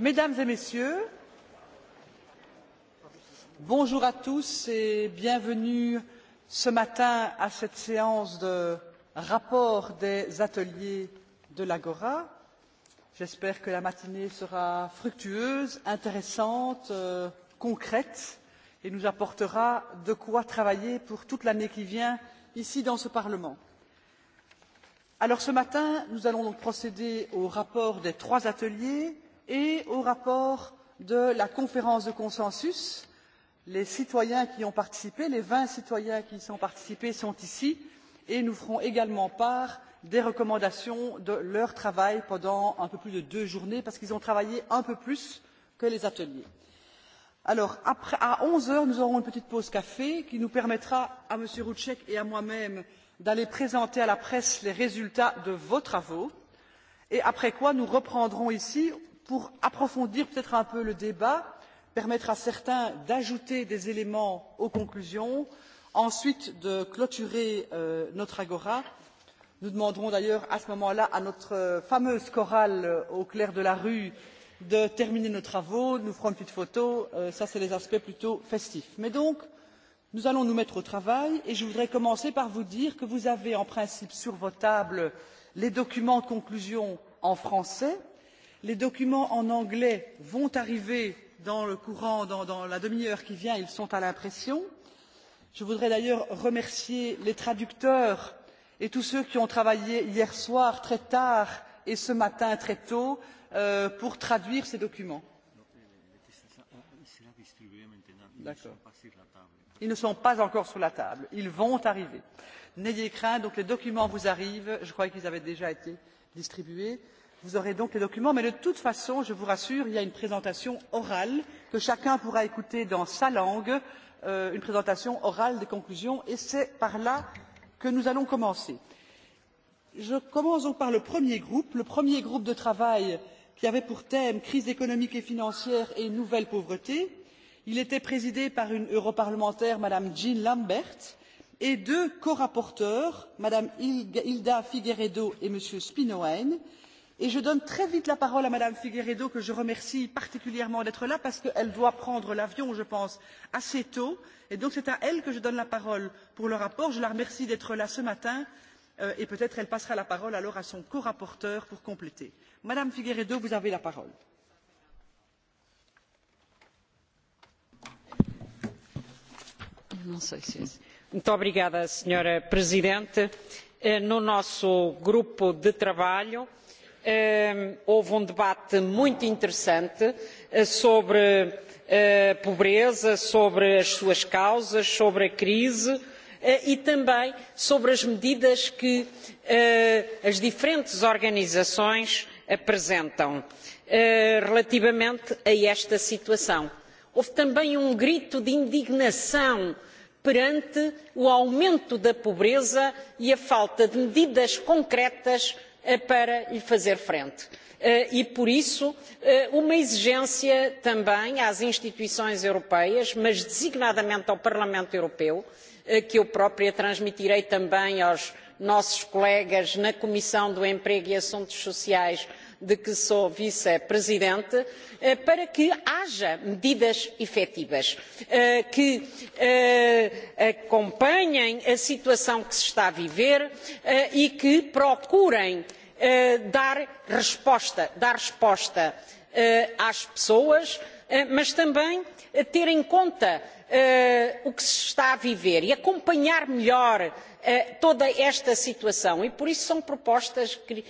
Mesdames et Messieurs, bonjour à tous et bienvenue ce matin à cette séance de rapport des ateliers de l'Agora. J'espère que la matinée sera fructueuse, intéressante, euh, concrète et nous apportera de quoi travailler pour toute l'année qui vient ici dans ce Parlement. Alors ce matin, nous allons donc procéder au rapport des trois ateliers et au rapport de la conférence de consensus. Les citoyens qui ont participé, les vingt citoyens qui y sont participés sont ici et nous ferons également part des recommandations de leur travail pendant un peu plus de deux journées parce qu'ils ont travaillé un peu plus que les ateliers. Alors, après, à onze heures, nous aurons une petite pause café qui nous permettra à M. Rouchek et à moi-même d'aller présenter à la presse les résultats de vos travaux et après quoi nous reprendrons ici pour approfondir peut être un peu le débat permettre à certains d'ajouter des éléments aux conclusions ensuite de clôturer euh, notre agora. Nous demanderons d'ailleurs à ce moment-là à notre fameuse chorale euh, au clair de la rue de terminer nos travaux. Nous ferons une petite photo. Euh, ce sont les aspects plutôt festifs. Mais donc, Nous allons nous mettre au travail et je voudrais commencer par vous dire que vous avez en principe sur vos tables les documents de conclusion en français. Les documents en anglais vont arriver dans le courant, dans, dans la demi-heure qui vient, ils sont à l'impression. Je voudrais d'ailleurs remercier les traducteurs et tous ceux qui ont travaillé hier soir très tard et ce matin très tôt euh, pour traduire ces documents. Euh, D'accord. Ils ne sont pas encore sur la table. Ils vont arriver. N'ayez crainte, donc les documents vous arrivent. Je croyais qu'ils avaient déjà été distribués. Vous aurez donc les documents, mais de toute façon, je vous rassure, il y a une présentation orale que chacun pourra écouter dans sa langue, euh, une présentation orale des conclusions, et c'est par là que nous allons commencer. Je commence donc par le premier groupe, le premier groupe de travail qui avait pour thème crise économique et financière et nouvelle pauvreté il était présidé par une europarlementaire mme jean lambert et deux corapporteurs mme hilda figueiredo et m. spinoen et je donne très vite la parole à mme figueiredo que je remercie particulièrement d'être là parce qu'elle doit prendre l'avion je pense assez tôt et donc c'est à elle que je donne la parole pour le rapport. je la remercie d'être là ce matin euh, et peut être elle passera la parole alors à son corapporteur pour compléter. madame figueiredo vous avez la parole. signora Muito obrigada, Presidente. Eh, no nosso grupo de trabalho eh, houve um debate muito interessante eh, sobre a pobreza, sobre as suas causas, sobre a crise e também sobre as medidas que as diferentes organizações apresentam relativamente a esta situação. Houve também um grito de indignação perante o aumento da pobreza e a falta de medidas concretas eh, para lhe fazer frente. Eh, e, por isso, eh, uma exigência também às instituições europeias, mas designadamente ao Parlamento Europeu, que eu própria transmitirei também aos nossos colegas na Comissão do Emprego e Assuntos Sociais de que sou vice-presidente, eh, para que haja medidas efetivas eh, que eh, acompanhem a situação que se está a viver e que procurem dar resposta, dar resposta às pessoas, mas também ter em conta o que se está a viver e acompanhar melhor toda esta situação. E por isso são propostas que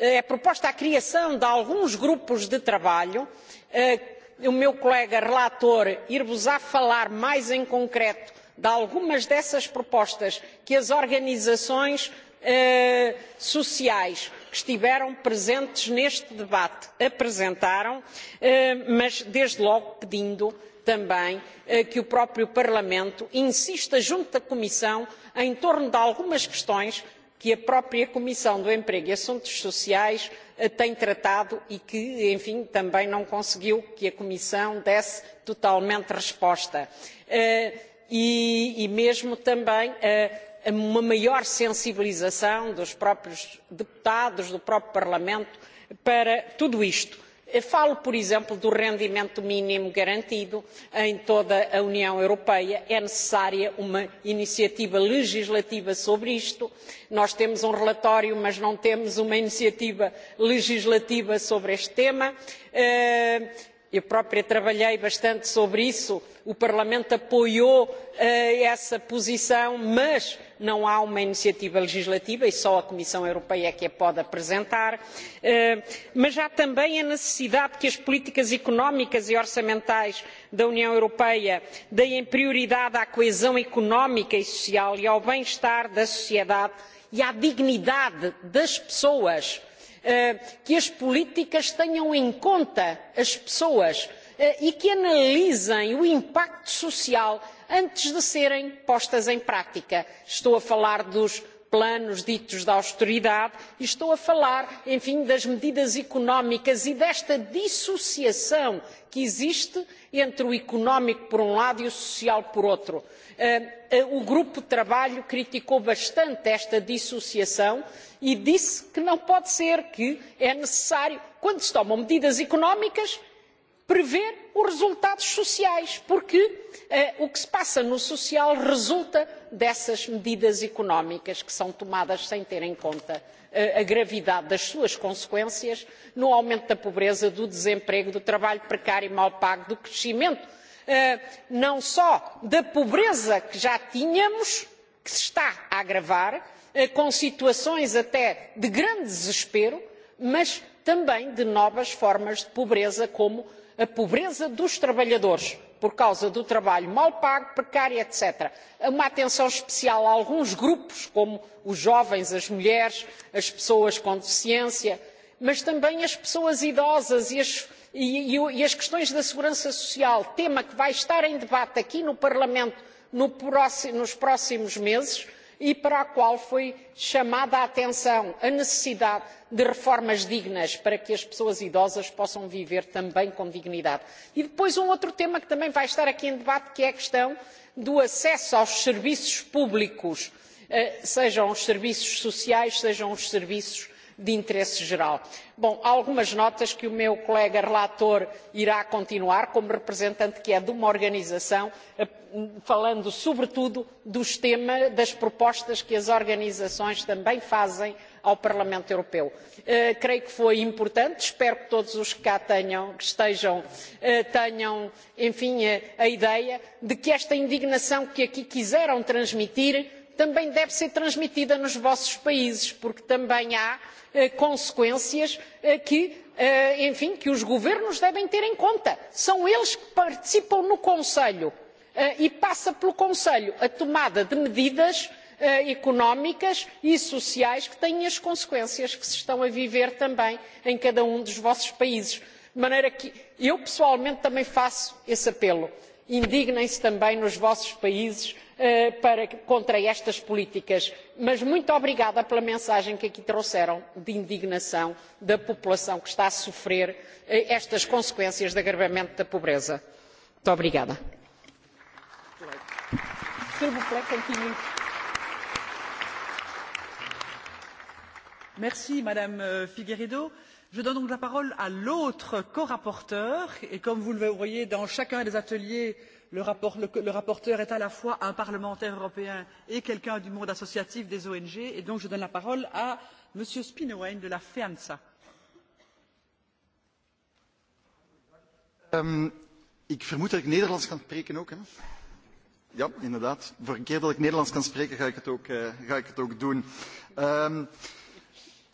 é eh, proposta a criação de alguns grupos de trabalho. Eh, o meu colega relator ir-vos-á falar mais em concreto de algumas dessas propostas que as organizações eh, sociais que estiveram presentes neste debate apresentaram, mas desde logo pedindo também que o próprio Parlamento insista junto da Comissão em torno de algumas questões que a própria Comissão do Emprego e Assuntos Sociais eh, tem tratado e que, enfim, também não conseguiu que a Comissão desse totalmente resposta. Eh, e, e mesmo também eh, uma maior sensibilização dos próprios deputados, do próprio Parlamento, para tudo isto Eu falo, por exemplo, do rendimento mínimo garantido em toda a União Europeia. É necessária uma iniciativa legislativa sobre isto. Nós temos um relatório, mas não temos uma iniciativa legislativa sobre este tema. Uh, eu própria trabalhei bastante sobre isso, o Parlamento apoiou eh, essa posição, mas não há uma iniciativa legislativa e só a Comissão Europeia é que a pode apresentar. Eh, mas há também a necessidade que as políticas económicas e orçamentais da União Europeia deem prioridade à coesão económica e social e ao bem-estar da sociedade e à dignidade das pessoas Eh, que as políticas tenham em conta as pessoas eh, e que analisem o impacto social antes de serem postas em prática. Estou a falar dos planos ditos de austeridade e estou a falar, enfim, das medidas económicas e desta dissociação que existe entre o económico por um lado e o social por outro. Eh, eh, o grupo de trabalho criticou bastante esta dissociação e disse que não pode ser, que é necessário, quando se tomam medidas económicas, prever os resultados sociais, porque eh, o que se passa no social resulta dessas medidas económicas que são tomadas sem ter em conta eh, a gravidade das suas consequências no aumento da pobreza, do desemprego, do trabalho precário e mal pago, do crescimento, eh, não só da pobreza que já tínhamos, que se está a agravar, eh, com situações até de grande desespero, mas também de novas formas de pobreza, como a pobreza dos trabalhadores por causa do trabalho mal pago, precário, etc. Uma atenção especial a alguns grupos, como os jovens, as mulheres, as pessoas com deficiência, mas também as pessoas idosas e as, e, e, e as questões da segurança social, tema que vai estar em debate aqui no Parlamento no próximo, nos próximos meses e para a qual foi chamada a atenção a necessidade de reformas dignas para que as pessoas idosas possam viver também com dignidade. E depois um outro tema que também vai estar aqui em debate, que é a questão do acesso aos serviços públicos, eh, sejam os serviços sociais, sejam os serviços de interesse geral. Bom, há algumas notas que o meu colega relator irá continuar como representante que é de uma organização, eh, falando sobretudo dos temas, das propostas que as organizações também fazem ao Parlamento Europeu. Uh, creio que foi importante, espero que todos os que cá tenham, que estejam, uh, tenham, enfim, a ideia de que esta indignação que aqui quiseram transmitir também deve ser transmitida nos vossos países, porque também há eh, consequências eh, que, eh, enfim, que os governos devem ter em conta. São eles que participam no Conselho e passa pelo Conselho a tomada de medidas económicas e sociais que têm as consequências que se estão a viver também em cada um dos vossos países. De maneira que eu pessoalmente também faço esse apelo. Indignem-se também nos vossos países Eh, para, contra estas políticas. Mas muito obrigada pela mensagem que aqui trouxeram de indignação da população que está a sofrer eh, estas consequências de agravamento da pobreza. Muito obrigada. Merci, Madame euh, Figueredo. Je donne donc la parole à l'autre corapporteur et comme vous le voyez dans chacun des ateliers le, rapport, le, le rapporteur est à la fois un parlementaire européen et quelqu'un du monde associatif des ONG, et donc je donne la parole à M. Spinoen de la FEAMSA. Um, ehm, ik vermoed dat ik Nederlands kan spreken ook. Hè? Ja, inderdaad. Voor een keer dat ik Nederlands kan spreken, ga ik het ook, uh, ga ik het ook doen. Um,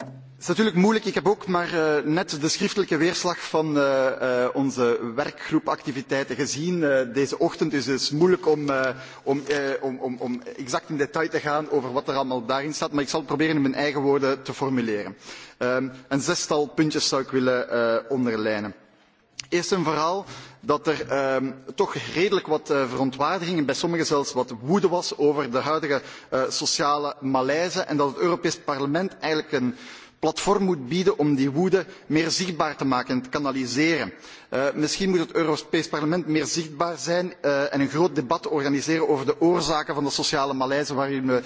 Het is natuurlijk moeilijk. Ik heb ook maar uh, net de schriftelijke weerslag van uh, uh, onze werkgroepactiviteiten gezien. Uh, deze ochtend is het moeilijk om, uh, om, uh, om, om, om exact in detail te gaan over wat er allemaal daarin staat. Maar ik zal het proberen in mijn eigen woorden te formuleren. Um, een zestal puntjes zou ik willen uh, onderlijnen. Eerst en vooral dat er eh, toch redelijk wat eh, verontwaardiging en bij sommigen zelfs wat woede was over de huidige eh, sociale malaise en dat het Europees Parlement eigenlijk een platform moet bieden om die woede meer zichtbaar te maken en te kanaliseren. Uh, misschien moet het Europees Parlement meer zichtbaar zijn uh, en een groot debat organiseren over de oorzaken van de sociale malaise waarin we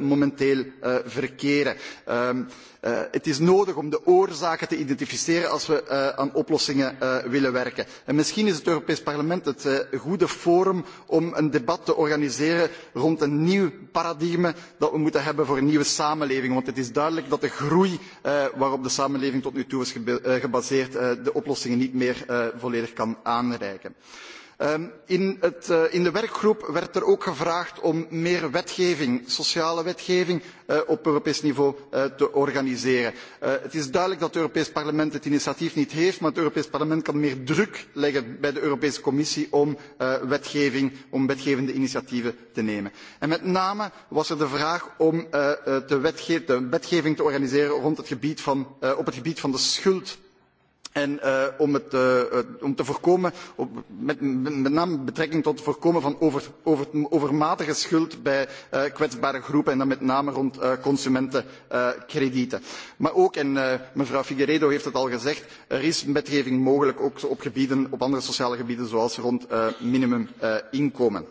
uh, momenteel verkeren. Ehm, Uh, het is nodig om de oorzaken te identificeren als we uh, aan oplossingen uh, willen werken. En misschien is het Europees Parlement het goede forum om een debat te organiseren rond een nieuw paradigma dat we moeten hebben voor een nieuwe samenleving. Want het is duidelijk dat de groei waarop de samenleving tot nu toe is gebaseerd de oplossingen niet meer volledig kan aanreiken. Ehm, in, het, eh, in, de werkgroep werd er ook gevraagd om meer wetgeving, sociale wetgeving, eh, op Europees niveau eh, te organiseren. het is duidelijk dat het Europees Parlement het initiatief niet heeft, maar het Europees Parlement kan meer druk leggen bij de Europese Commissie om, wetgeving, om wetgevende initiatieven te nemen. En met name was er de vraag om de, wetge de wetgeving te organiseren rond het gebied van, op het gebied van de schuld En uh, om, het, uh, om te voorkomen, op, met, met name betrekking tot het voorkomen van over, over, overmatige schuld bij uh, kwetsbare groepen en dan met name rond uh, consumentenkredieten. Uh, maar ook, en uh, mevrouw Figueredo heeft het al gezegd, er is wetgeving mogelijk ook op, gebieden, op andere sociale gebieden zoals rond uh, minimuminkomen. Uh,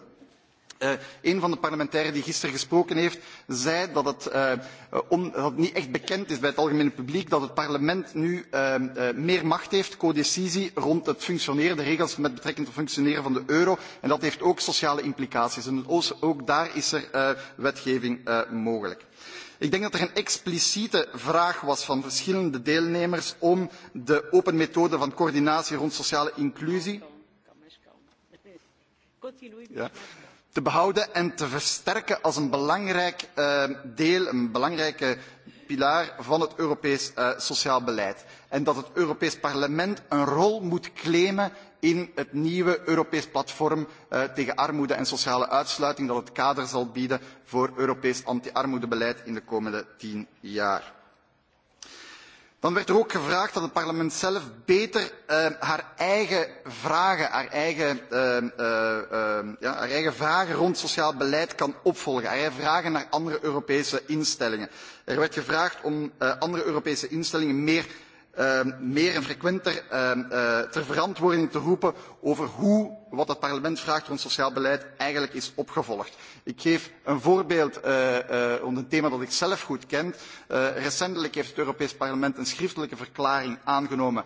Uh, een van de parlementariërs die gisteren gesproken heeft, zei dat het, uh, dat het niet echt bekend is bij het algemene publiek dat het parlement nu uh, meer macht heeft, codecisie, rond het functioneren, de regels met betrekking tot het functioneren van de euro. En dat heeft ook sociale implicaties. En ook daar is er wetgeving mogelijk. Ik denk dat er een expliciete vraag was van verschillende deelnemers om de open methode van coördinatie rond sociale inclusie. Ja te behouden en te versterken als een belangrijk ehm, deel, een belangrijke pilaar van het Europees eh, sociaal beleid. En dat het Europees Parlement een rol moet claimen in het nieuwe Europees platform eh, tegen armoede en sociale uitsluiting dat het kader zal bieden voor Europees anti-armoedebeleid in de komende tien jaar. Dan werd er ook gevraagd dat het parlement zelf beter uh, haar eigen vragen, haar eigen, uh, uh, ja, haar eigen vragen rond sociaal beleid kan opvolgen. Haar eigen vragen naar andere Europese instellingen. Er werd gevraagd om eh, andere Europese instellingen meer Ehm, meer en frequenter ehm, eh, ter verantwoording te roepen over hoe wat het parlement vraagt rond sociaal beleid eigenlijk is opgevolgd. Ik geef een voorbeeld eh, eh, rond een thema dat ik zelf goed ken. recentelijk heeft het Europees Parlement een schriftelijke verklaring aangenomen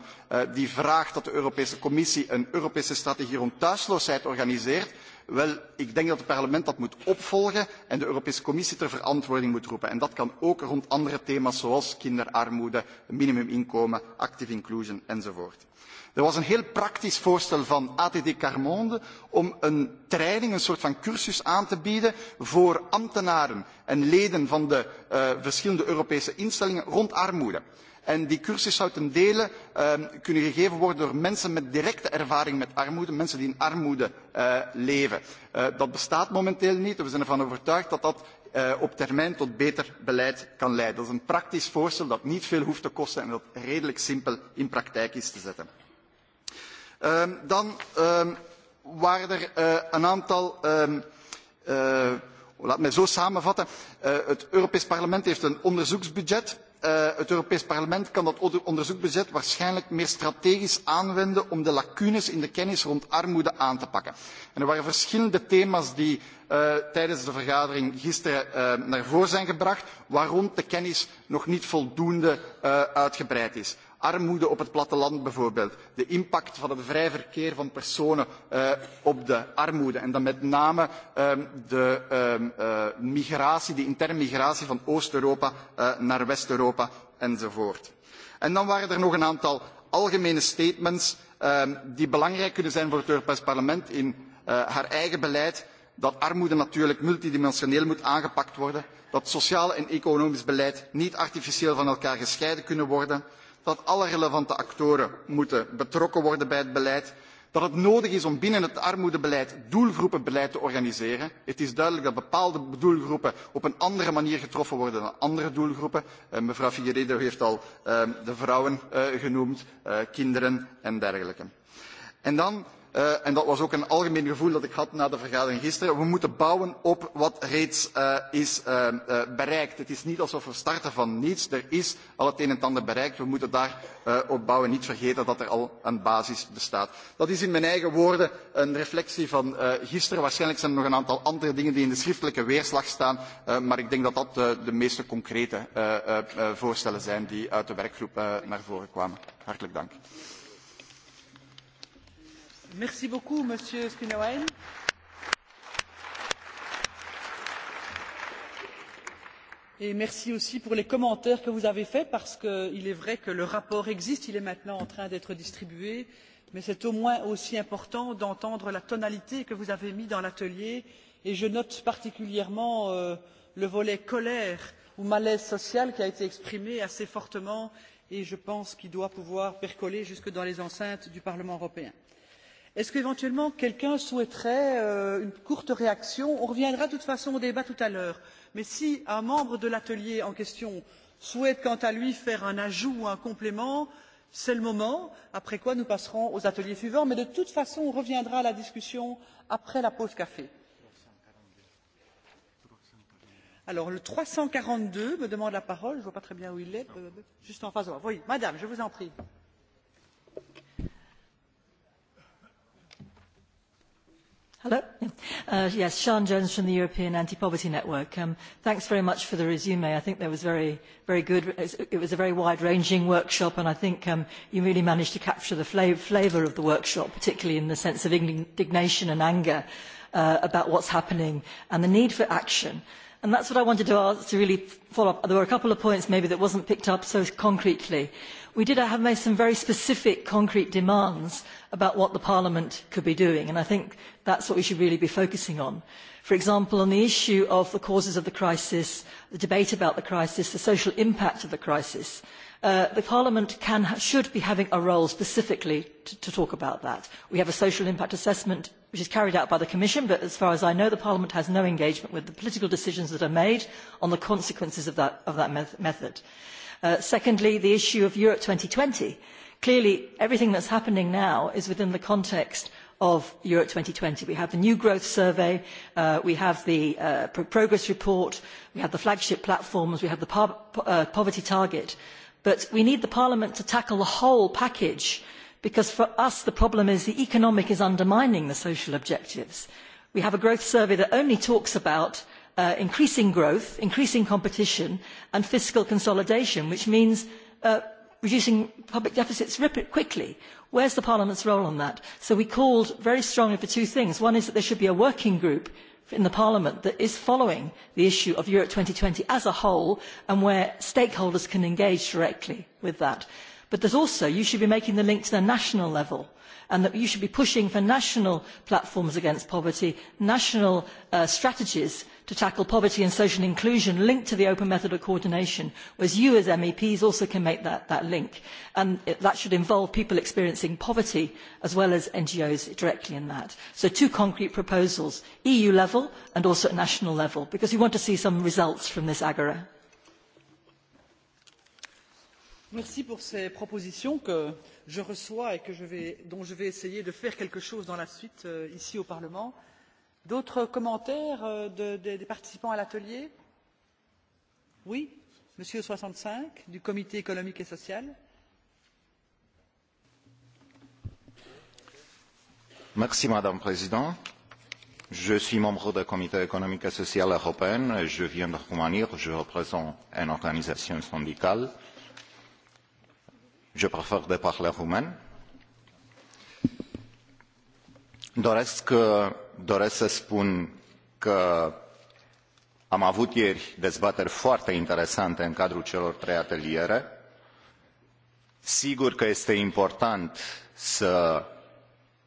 die vraagt dat de Europese Commissie een Europese strategie rond thuisloosheid organiseert. Wel, ik denk dat het parlement dat moet opvolgen en de Europese Commissie ter verantwoording moet roepen. En dat kan ook rond andere thema's zoals kinderarmoede, minimuminkomen, active inclusion enzovoort. Er was een heel praktisch voorstel van ATD Carmonde om een training, een soort van cursus aan te bieden voor ambtenaren en leden van de uh, verschillende Europese instellingen rond armoede. En die cursus zou ten dele ehm, kunnen gegeven worden door mensen met directe ervaring met armoede, mensen die in armoede eh, leven. Eh, dat bestaat momenteel niet. We zijn ervan overtuigd dat dat eh, op termijn tot beter beleid kan leiden. Dat is een praktisch voorstel dat niet veel hoeft te kosten en dat redelijk simpel in praktijk is te zetten. Uh, dan uh, waren er uh, een aantal, Uh, uh, laat mij zo samenvatten, uh, het Europees Parlement heeft een onderzoeksbudget Eh, het Europees Parlement kan dat onderzoeksbudget waarschijnlijk meer strategisch aanwenden om de lacunes in de kennis rond armoede aan te pakken. En er waren verschillende thema's die uh, tijdens de vergadering gisteren uh, naar voren zijn gebracht, waarom de kennis nog niet voldoende uh, uitgebreid is armoede op het platteland bijvoorbeeld, de impact van het vrij verkeer van personen uh, op de armoede en dan met name uh, de uh, migratie, de interne migratie van Oost-Europa eh, naar West-Europa enzovoort. En dan waren er nog een aantal algemene statements ehm, die belangrijk kunnen zijn voor het Europees Parlement in haar eigen beleid dat armoede natuurlijk multidimensioneel moet aangepakt worden, dat sociaal en economisch beleid niet artificieel van elkaar gescheiden kunnen worden, dat alle relevante actoren moeten betrokken worden bij het beleid, dat het nodig is om binnen het armoedebeleid doelgroepenbeleid te organiseren. Het is duidelijk dat bepaalde doelgroepen op een andere manier getroffen worden dan andere doelgroepen. Eh, mevrouw Figueiredo heeft al eh, de vrouwen eh, genoemd, kinderen en dergelijke. En dan Uh, en dat was ook een algemeen gevoel dat ik had na de vergadering gisteren. We moeten bouwen op wat reeds uh, is uh, uh, bereikt. Het is niet alsof we starten van niets. Er is al het een en ander bereikt. We moeten daar uh, op bouwen. Niet vergeten dat er al een basis bestaat. Dat is in mijn eigen woorden een reflectie van uh, gisteren. Waarschijnlijk zijn er nog een aantal andere dingen die in de schriftelijke weerslag staan. Uh, maar ik denk dat dat uh, de meeste concrete uh, uh, voorstellen zijn die uit de werkgroep uh, naar voren kwamen. Hartelijk dank. Merci beaucoup, Monsieur Skunawain. Et merci aussi pour les commentaires que vous avez faits, parce qu'il est vrai que le rapport existe, il est maintenant en train d'être distribué, mais c'est au moins aussi important d'entendre la tonalité que vous avez mise dans l'atelier, et je note particulièrement euh, le volet colère ou malaise social qui a été exprimé assez fortement, et je pense qu'il doit pouvoir percoler jusque dans les enceintes du Parlement européen. Est-ce qu'éventuellement quelqu'un souhaiterait euh, une courte réaction On reviendra de toute façon au débat tout à l'heure. Mais si un membre de l'atelier en question souhaite quant à lui faire un ajout ou un complément, c'est le moment, après quoi nous passerons aux ateliers suivants. Mais de toute façon, on reviendra à la discussion après la pause café. Alors, le 342 me demande la parole. Je ne vois pas très bien où il est. Euh, juste en face. de Oui, madame, je vous en prie. Hello. Uh, yes, Sean Jones from the European Anti-Poverty Network. Um, thanks very much for the resume. I think that was very, very good. It was a very wide-ranging workshop, and I think um, you really managed to capture the flavour of the workshop, particularly in the sense of indignation and anger uh, about what's happening and the need for action. And that's what I wanted to ask to really follow up. There were a couple of points maybe that wasn't picked up so concretely we did have made some very specific concrete demands about what the Parliament could be doing, and I think that's what we should really be focusing on. For example, on the issue of the causes of the crisis, the debate about the crisis, the social impact of the crisis, uh, the Parliament can, should be having a role specifically to, to talk about that. We have a social impact assessment which is carried out by the Commission, but as far as I know, the Parliament has no engagement with the political decisions that are made on the consequences of that, of that method. Uh, secondly, the issue of Europe twenty. Clearly, everything that is happening now is within the context of Europe twenty. We have the new growth survey, uh, we have the uh, pro progress report, we have the flagship platforms, we have the po uh, poverty target. But we need Parliament to tackle the whole package because for us the problem is the economic is undermining the social objectives. We have a growth survey that only talks about uh, increasing growth, increasing competition and fiscal consolidation, which means uh, reducing public deficits quickly. Where is the Parliament's role on that? So we called very strongly for two things. One is that there should be a working group in the Parliament that is following the issue of Europe twenty as a whole and where stakeholders can engage directly with that. But that also, you should be making the link to the national level and that you should be pushing for national platforms against poverty, national uh, strategies to tackle poverty and social inclusion linked to the open method of coordination, whereas you as MEPs also can make that, that link. And it, that should involve people experiencing poverty as well as NGOs directly in that. So two concrete proposals, EU level and also at national level, because we want to see some results from this Agora. Merci pour ces propositions que je reçois et que je vais, dont je vais essayer de faire quelque chose dans la suite euh, ici au Parlement. D'autres commentaires euh, de, de, des participants à l'atelier Oui Monsieur 65 du Comité économique et social. Merci Madame la Présidente. Je suis membre du Comité économique et social européen. Et je viens de Roumanie. Je représente une organisation syndicale. Je préfère de parler roumain. Doresc, doresc să spun că am avut ieri dezbateri foarte interesante în cadrul celor trei ateliere. Sigur că este important să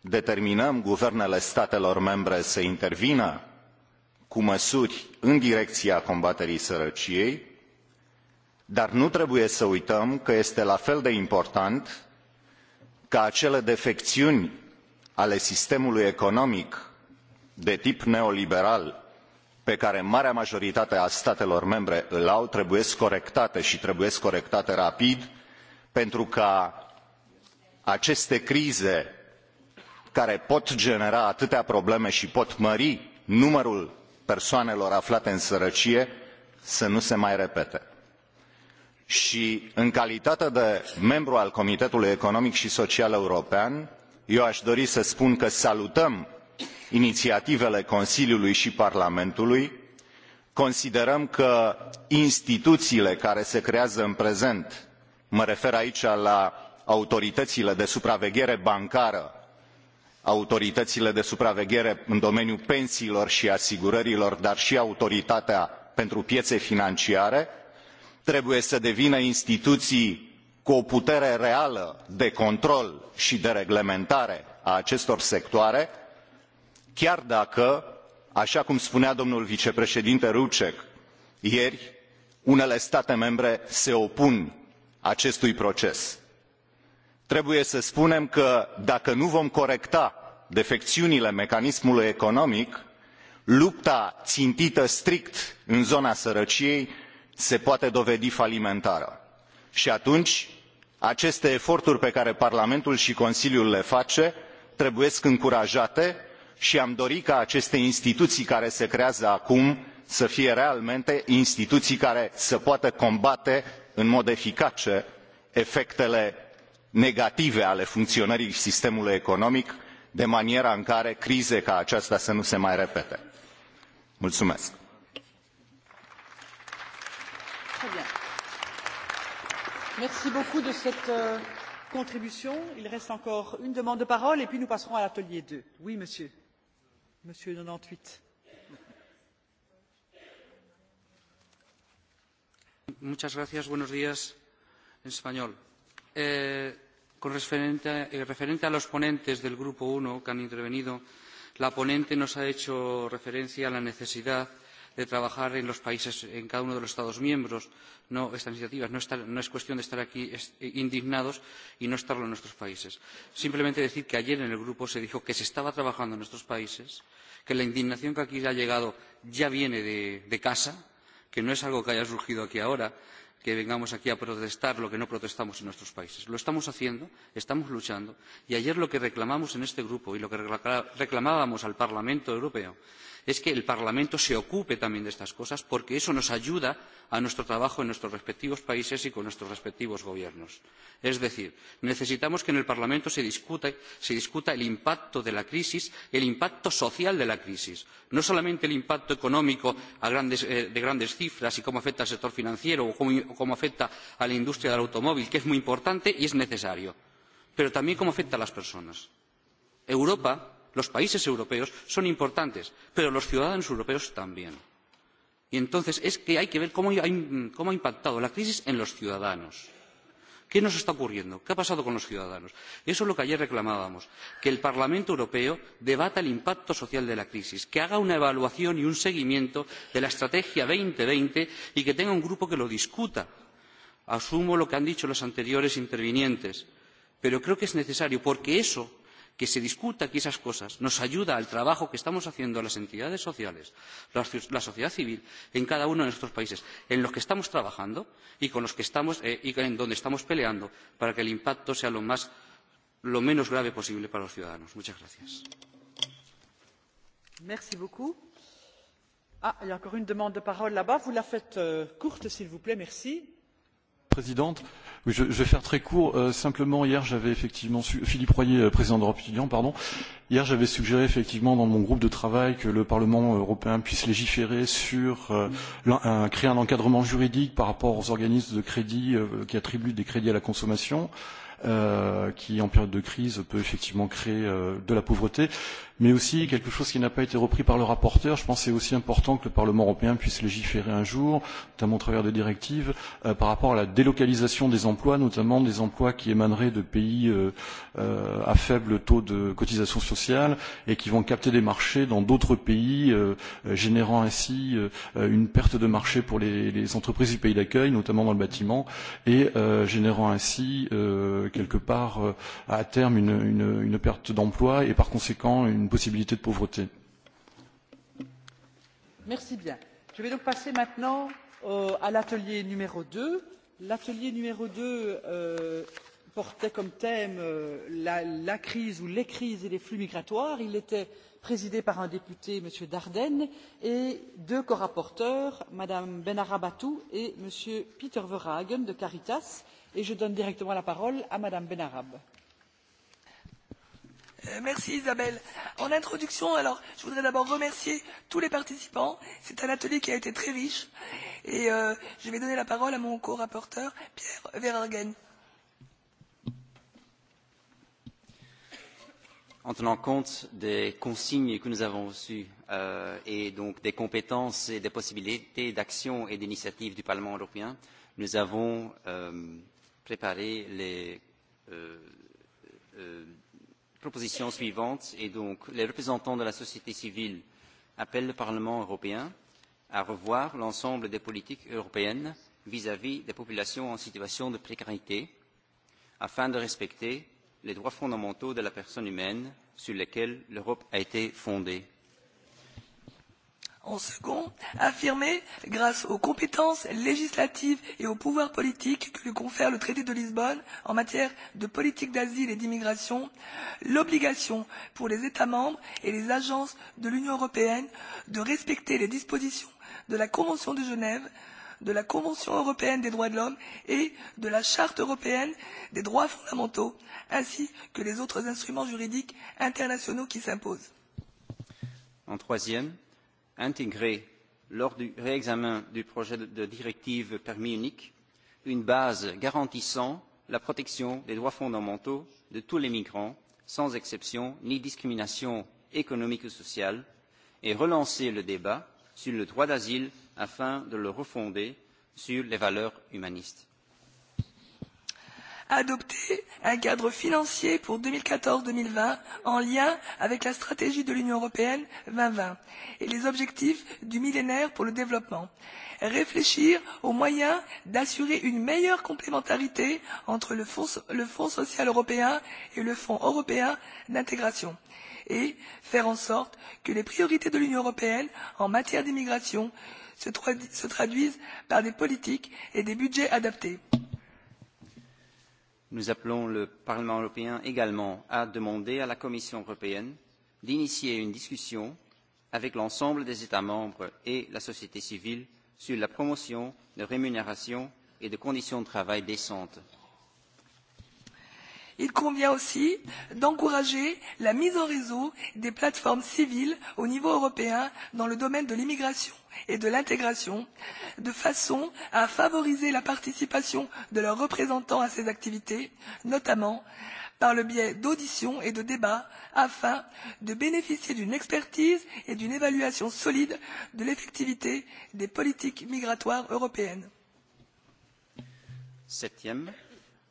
determinăm guvernele statelor membre să intervină cu măsuri în direcția combaterii sărăciei, Dar nu trebuie să uităm că este la fel de important ca acele defecțiuni ale sistemului economic de tip neoliberal pe care marea majoritate a statelor membre îl au trebuie corectate și trebuie corectate rapid pentru ca aceste crize care pot genera atâtea probleme și pot mări numărul persoanelor aflate în sărăcie să nu se mai repete și în calitate de membru al Comitetului Economic și Social European, eu aș dori să spun că salutăm inițiativele Consiliului și Parlamentului, considerăm că instituțiile care se creează în prezent, mă refer aici la autoritățile de supraveghere bancară, autoritățile de supraveghere în domeniul pensiilor și asigurărilor, dar și autoritatea pentru piețe financiare, trebuie să devină instituții cu o putere reală de control și de reglementare a acestor sectoare, chiar dacă, așa cum spunea domnul vicepreședinte Rucek ieri, unele state membre se opun acestui proces. Trebuie să spunem că dacă nu vom corecta defecțiunile mecanismului economic, lupta țintită strict în zona sărăciei se poate dovedi falimentară. Și atunci, aceste eforturi pe care Parlamentul și Consiliul le face trebuie încurajate și am dori ca aceste instituții care se creează acum să fie realmente instituții care să poată combate în mod eficace efectele negative ale funcționării sistemului economic de maniera în care crize ca aceasta să nu se mai repete. Mulțumesc! Très bien. Merci beaucoup de cette euh, contribution. Il reste encore une demande de parole et puis nous passerons à l'atelier 2. Oui, monsieur. Monsieur 98. Muchas gracias. Buenos días en español. Eh, con referente, eh, referente a los ponentes del Grupo 1 que han intervenido, la ponente nos ha hecho referencia a la necesidad de de trabajar en los países, en cada uno de los Estados miembros, no estas iniciativas. No, estar, no es cuestión de estar aquí eh, indignados y no estarlo en nuestros países. Simplemente decir que ayer en el grupo se dijo que se estaba trabajando en nuestros países, que la indignación que aquí ha llegado ya viene de, de casa, que no es algo que haya surgido aquí ahora, que vengamos aquí a protestar lo que no protestamos en nuestros países. Lo estamos haciendo, estamos luchando y ayer lo que reclamamos en este grupo y lo que reclamábamos al Parlamento Europeo es que el Parlamento se ocupe también de estas cosas porque eso nos ayuda a nuestro trabajo en nuestros respectivos países y con nuestros respectivos gobiernos. Es decir, necesitamos que en el Parlamento se discuta, se discuta el impacto de la crisis, el impacto social de la crisis, no solamente el impacto económico a grandes, eh, de grandes cifras y cómo afecta al sector financiero o cómo cómo afecta a la industria del automóvil, que es muy importante y es necesario, pero también cómo afecta a las personas. Europa, los países europeos son importantes, pero los ciudadanos europeos también. Y entonces es que hay que ver cómo ha impactado la crisis en los ciudadanos qué nos está ocurriendo? qué ha pasado con los ciudadanos? eso es lo que ayer reclamábamos que el parlamento europeo debata el impacto social de la crisis que haga una evaluación y un seguimiento de la estrategia dos mil veinte y que tenga un grupo que lo discuta. asumo lo que han dicho los anteriores intervinientes pero creo que es necesario porque eso que se discuta aquí esas cosas nos ayuda al trabajo que estamos haciendo las entidades sociales, la sociedad civil, en cada uno de nuestros países, en los que estamos trabajando y con los que estamos eh, y en donde estamos peleando para que el impacto sea lo, más, lo menos grave posible para los ciudadanos. Muchas gracias. Merci beaucoup. Ah, il y a encore une demande de parole là-bas. Vous la faites euh, courte, s'il vous plaît. Merci. Présidente. Oui, je, je vais faire très court. Euh, simplement, hier, j'avais effectivement, su Philippe Royer, euh, président d'Europe étudiant, pardon, hier, j'avais suggéré effectivement dans mon groupe de travail que le Parlement européen puisse légiférer sur euh, un, créer un encadrement juridique par rapport aux organismes de crédit euh, qui attribuent des crédits à la consommation. Euh, qui en période de crise peut effectivement créer euh, de la pauvreté mais aussi quelque chose qui n'a pas été repris par le rapporteur. Je pense que c'est aussi important que le Parlement européen puisse légiférer un jour, notamment au travers de directives, euh, par rapport à la délocalisation des emplois, notamment des emplois qui émaneraient de pays euh, euh, à faible taux de cotisation sociale et qui vont capter des marchés dans d'autres pays, euh, euh générant ainsi euh, une perte de marché pour les, les entreprises du pays d'accueil, notamment dans le bâtiment, et euh, générant ainsi euh, quelque part euh, à terme une, une, une perte d'emploi et par conséquent une une possibilité de pauvreté. Merci bien. Je vais donc passer maintenant euh, à l'atelier numéro 2. L'atelier numéro 2 euh, portait comme thème euh, la, la crise ou les crises et les flux migratoires. Il était présidé par un député, M. Dardenne, et deux corapporteurs, Mme Benarabatou et M. Peter Verhagen de Caritas. Et je donne directement la parole à Mme Benarab. Euh, merci Isabelle. En introduction, alors, je voudrais d'abord remercier tous les participants. C'est un atelier qui a été très riche. Et euh, je vais donner la parole à mon co-rapporteur, Pierre Verhagen. En tenant compte des consignes que nous avons reçues euh, et donc des compétences et des possibilités d'action et d'initiative du Parlement européen, nous avons euh, préparé les euh, euh, proposition suivante est donc les représentants de la société civile appellent le Parlement européen à revoir l'ensemble des politiques européennes vis-à-vis -vis des populations en situation de précarité afin de respecter les droits fondamentaux de la personne humaine sur lesquels l'Europe a été fondée. En second, affirmer, grâce aux compétences législatives et aux pouvoirs politiques que lui confère le traité de Lisbonne en matière de politique d'asile et d'immigration, l'obligation pour les États membres et les agences de l'Union européenne de respecter les dispositions de la Convention de Genève, de la Convention européenne des droits de l'homme et de la Charte européenne des droits fondamentaux, ainsi que les autres instruments juridiques internationaux qui s'imposent. En troisième, intégrer lors du réexamen du projet de directive permis unique une base garantissant la protection des droits fondamentaux de tous les migrants, sans exception ni discrimination économique ou sociale, et relancer le débat sur le droit d'asile afin de le refonder sur les valeurs humanistes adopté un cadre financier pour 2014-2020 en lien avec la stratégie de l'Union européenne 2020 et les objectifs du millénaire pour le développement. Réfléchir aux moyens d'assurer une meilleure complémentarité entre le fonds, le fonds social européen et le Fonds européen d'intégration et faire en sorte que les priorités de l'Union européenne en matière d'immigration se traduisent par des politiques et des budgets adaptés. Nous appelons le Parlement européen également à demander à la Commission européenne d'initier une discussion avec l'ensemble des États membres et la société civile sur la promotion de rémunérations et de conditions de travail décentes Il convient aussi d'encourager la mise en réseau des plateformes civiles au niveau européen dans le domaine de l'immigration et de l'intégration, de façon à favoriser la participation de leurs représentants à ces activités, notamment par le biais d'auditions et de débats afin de bénéficier d'une expertise et d'une évaluation solide de l'effectivité des politiques migratoires européennes. Septième,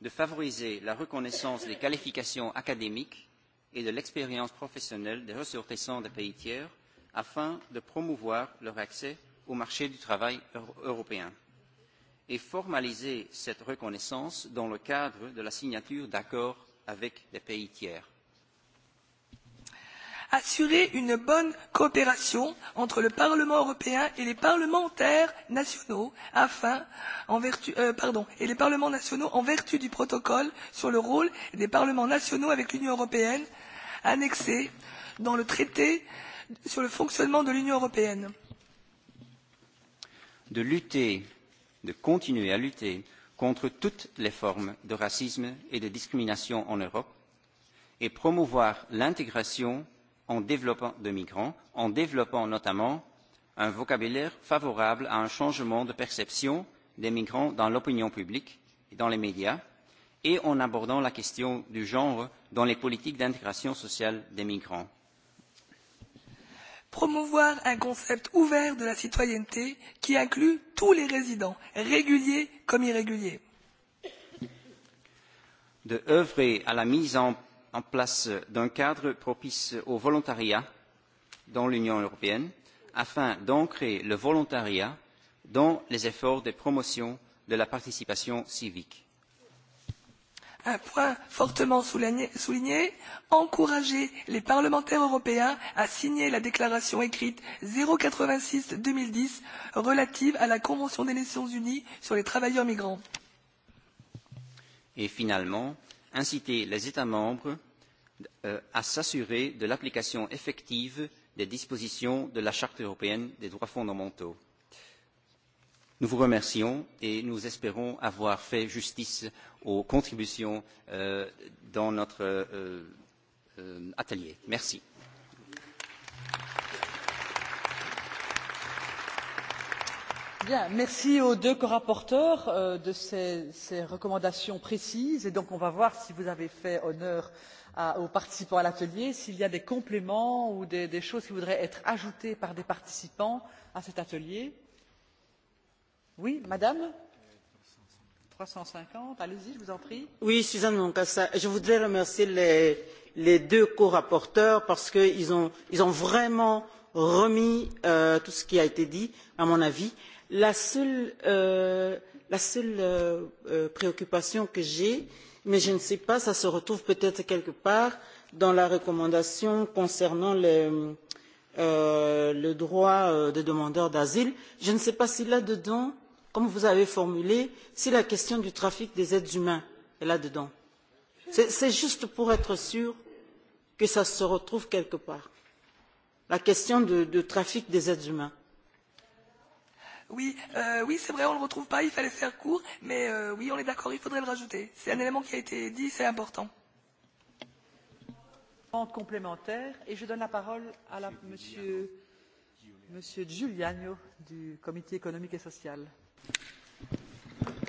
de favoriser la reconnaissance des qualifications académiques et de l'expérience professionnelle des ressortissants des pays tiers afin de promouvoir leur accès au marché du travail européen et formaliser cette reconnaissance dans le cadre de la signature d'accords avec les pays tiers assurer une bonne coopération entre le Parlement européen et les parlementaires nationaux afin, en vertu, euh, pardon, et les parlements nationaux en vertu du protocole sur le rôle des parlements nationaux avec l'Union européenne annexé dans le traité sur le fonctionnement de l'Union européenne. De lutter, de continuer à lutter contre toutes les formes de racisme et de discrimination en Europe et promouvoir l'intégration en développant de migrants, en développant notamment un vocabulaire favorable à un changement de perception des migrants dans l'opinion publique et dans les médias, et en abordant la question du genre dans les politiques d'intégration sociale des migrants. Promouvoir un concept ouvert de la citoyenneté qui inclut tous les résidents, réguliers comme irréguliers. De œuvrer à la mise en en place d'un cadre propice au volontariat dans l'Union européenne, afin d'ancrer le volontariat dans les efforts de promotion de la participation civique. Un point fortement souligné, souligné, encourager les parlementaires européens à signer la déclaration écrite 086-2010 relative à la Convention des Nations Unies sur les travailleurs migrants. Et finalement, inciter les États membres Euh, à s'assurer de l'application effective des dispositions de la Charte européenne des droits fondamentaux. Nous vous remercions et nous espérons avoir fait justice aux contributions euh, dans notre euh, euh, atelier. Merci. Bien, merci aux deux corapporteurs euh, de ces, ces recommandations précises et donc on va voir si vous avez fait honneur à, aux participants à l'atelier, s'il y a des compléments ou des, des choses qui voudraient être ajoutées par des participants à cet atelier. Oui, madame 350, allez-y, je vous en prie. Oui, Suzanne Moncassa, je voudrais remercier les, les deux corapporteurs parce qu'ils ont, ils ont vraiment remis euh, tout ce qui a été dit, à mon avis. La seule, euh, la seule euh, euh, préoccupation que j'ai, mais je ne sais pas, ça se retrouve peut-être quelque part dans la recommandation concernant les, euh, le droit euh, des demandeurs d'asile. Je ne sais pas si là-dedans, comme vous avez formulé, si la question du trafic des êtres humains est là-dedans. C'est juste pour être sûr que ça se retrouve quelque part. La question du trafic des êtres humains. Oui, euh, oui c'est vrai, on ne le retrouve pas, il fallait faire court, mais euh, oui, on est d'accord, il faudrait le rajouter. C'est un élément qui a été dit, c'est important. Complémentaire, et je donne la parole à la, monsieur, monsieur Giuliano du Comité économique et social.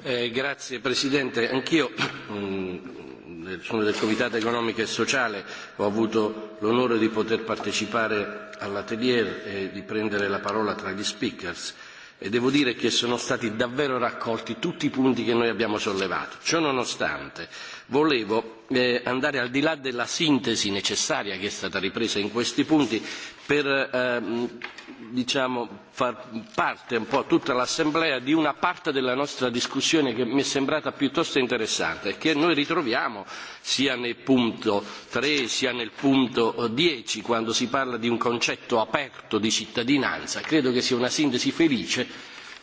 Eh, grazie Presidente, anch'io mm, sono del Comitato economico e sociale, ho avuto l'onore di poter partecipare all'atelier e di prendere la parola tra gli speakers e devo dire che sono stati davvero raccolti tutti i punti che noi abbiamo sollevato. Ciò nonostante volevo eh, andare al di là della sintesi necessaria che è stata ripresa in questi punti per ehm, diciamo, far parte un po' tutta l'Assemblea di una parte della nostra discussione che mi è sembrata piuttosto interessante e che noi ritroviamo sia nel punto 3 sia nel punto 10 quando si parla di un concetto aperto di cittadinanza. Credo che sia una sintesi felice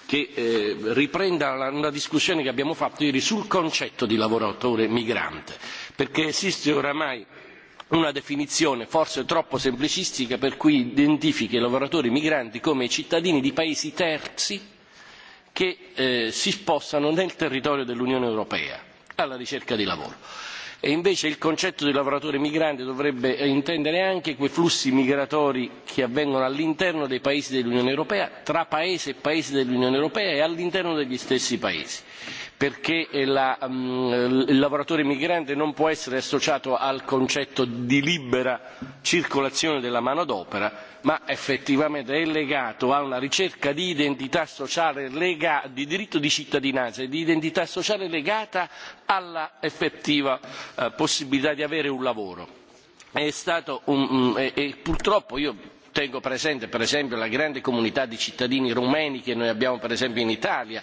che eh, riprenda la, una discussione che abbiamo fatto ieri sul concetto di lavoratore migrante, perché esiste oramai una definizione forse troppo semplicistica per cui identifichi i lavoratori migranti come cittadini di paesi terzi che eh, si spostano nel territorio dell'Unione Europea alla ricerca di lavoro. E invece il concetto di lavoratore migrante dovrebbe eh, intendere anche quei flussi migratori che avvengono all'interno dei paesi dell'Unione Europea, tra paese e paesi dell'Unione Europea e all'interno degli stessi paesi perché la, mh, mm, il lavoratore migrante non può essere associato al concetto di libera circolazione della manodopera, ma effettivamente è legato a una ricerca di identità sociale lega, di diritto di cittadinanza e di identità sociale legata alla effettiva eh, possibilità di avere un lavoro. È stato un, mm, e, e purtroppo io tengo presente per esempio la grande comunità di cittadini rumeni che noi abbiamo per esempio in Italia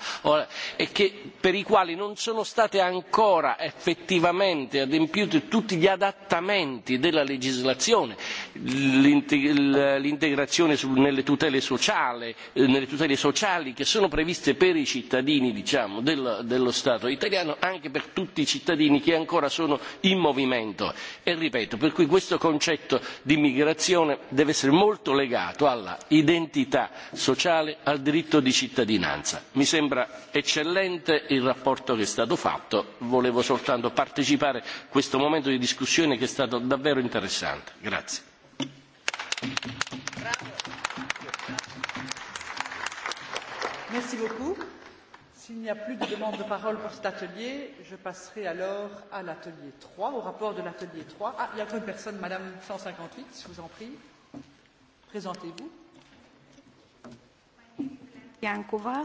e che, per i quali non sono stati ancora effettivamente adempiuti tutti gli adattamenti della legislazione, l'integrazione nelle tutele sociali, eh, nelle tutele sociali che sono previste per i cittadini diciamo, dello, dello Stato italiano, anche per tutti i cittadini che ancora sono in movimento. E ripeto, per cui questo concetto di immigrazione deve essere molto molto legato alla identità sociale, al diritto di cittadinanza. Mi sembra eccellente il rapporto che è stato fatto, volevo soltanto partecipare a questo momento di discussione che è stato davvero interessante. Grazie. Merci beaucoup. S'il n'y a plus de demande de parole pour cet atelier, je passerai alors à l'atelier 3, au rapport de l'atelier 3. Ah, il y a encore une personne, Madame 158, je vous en prie. Présentez-vous. Yankova,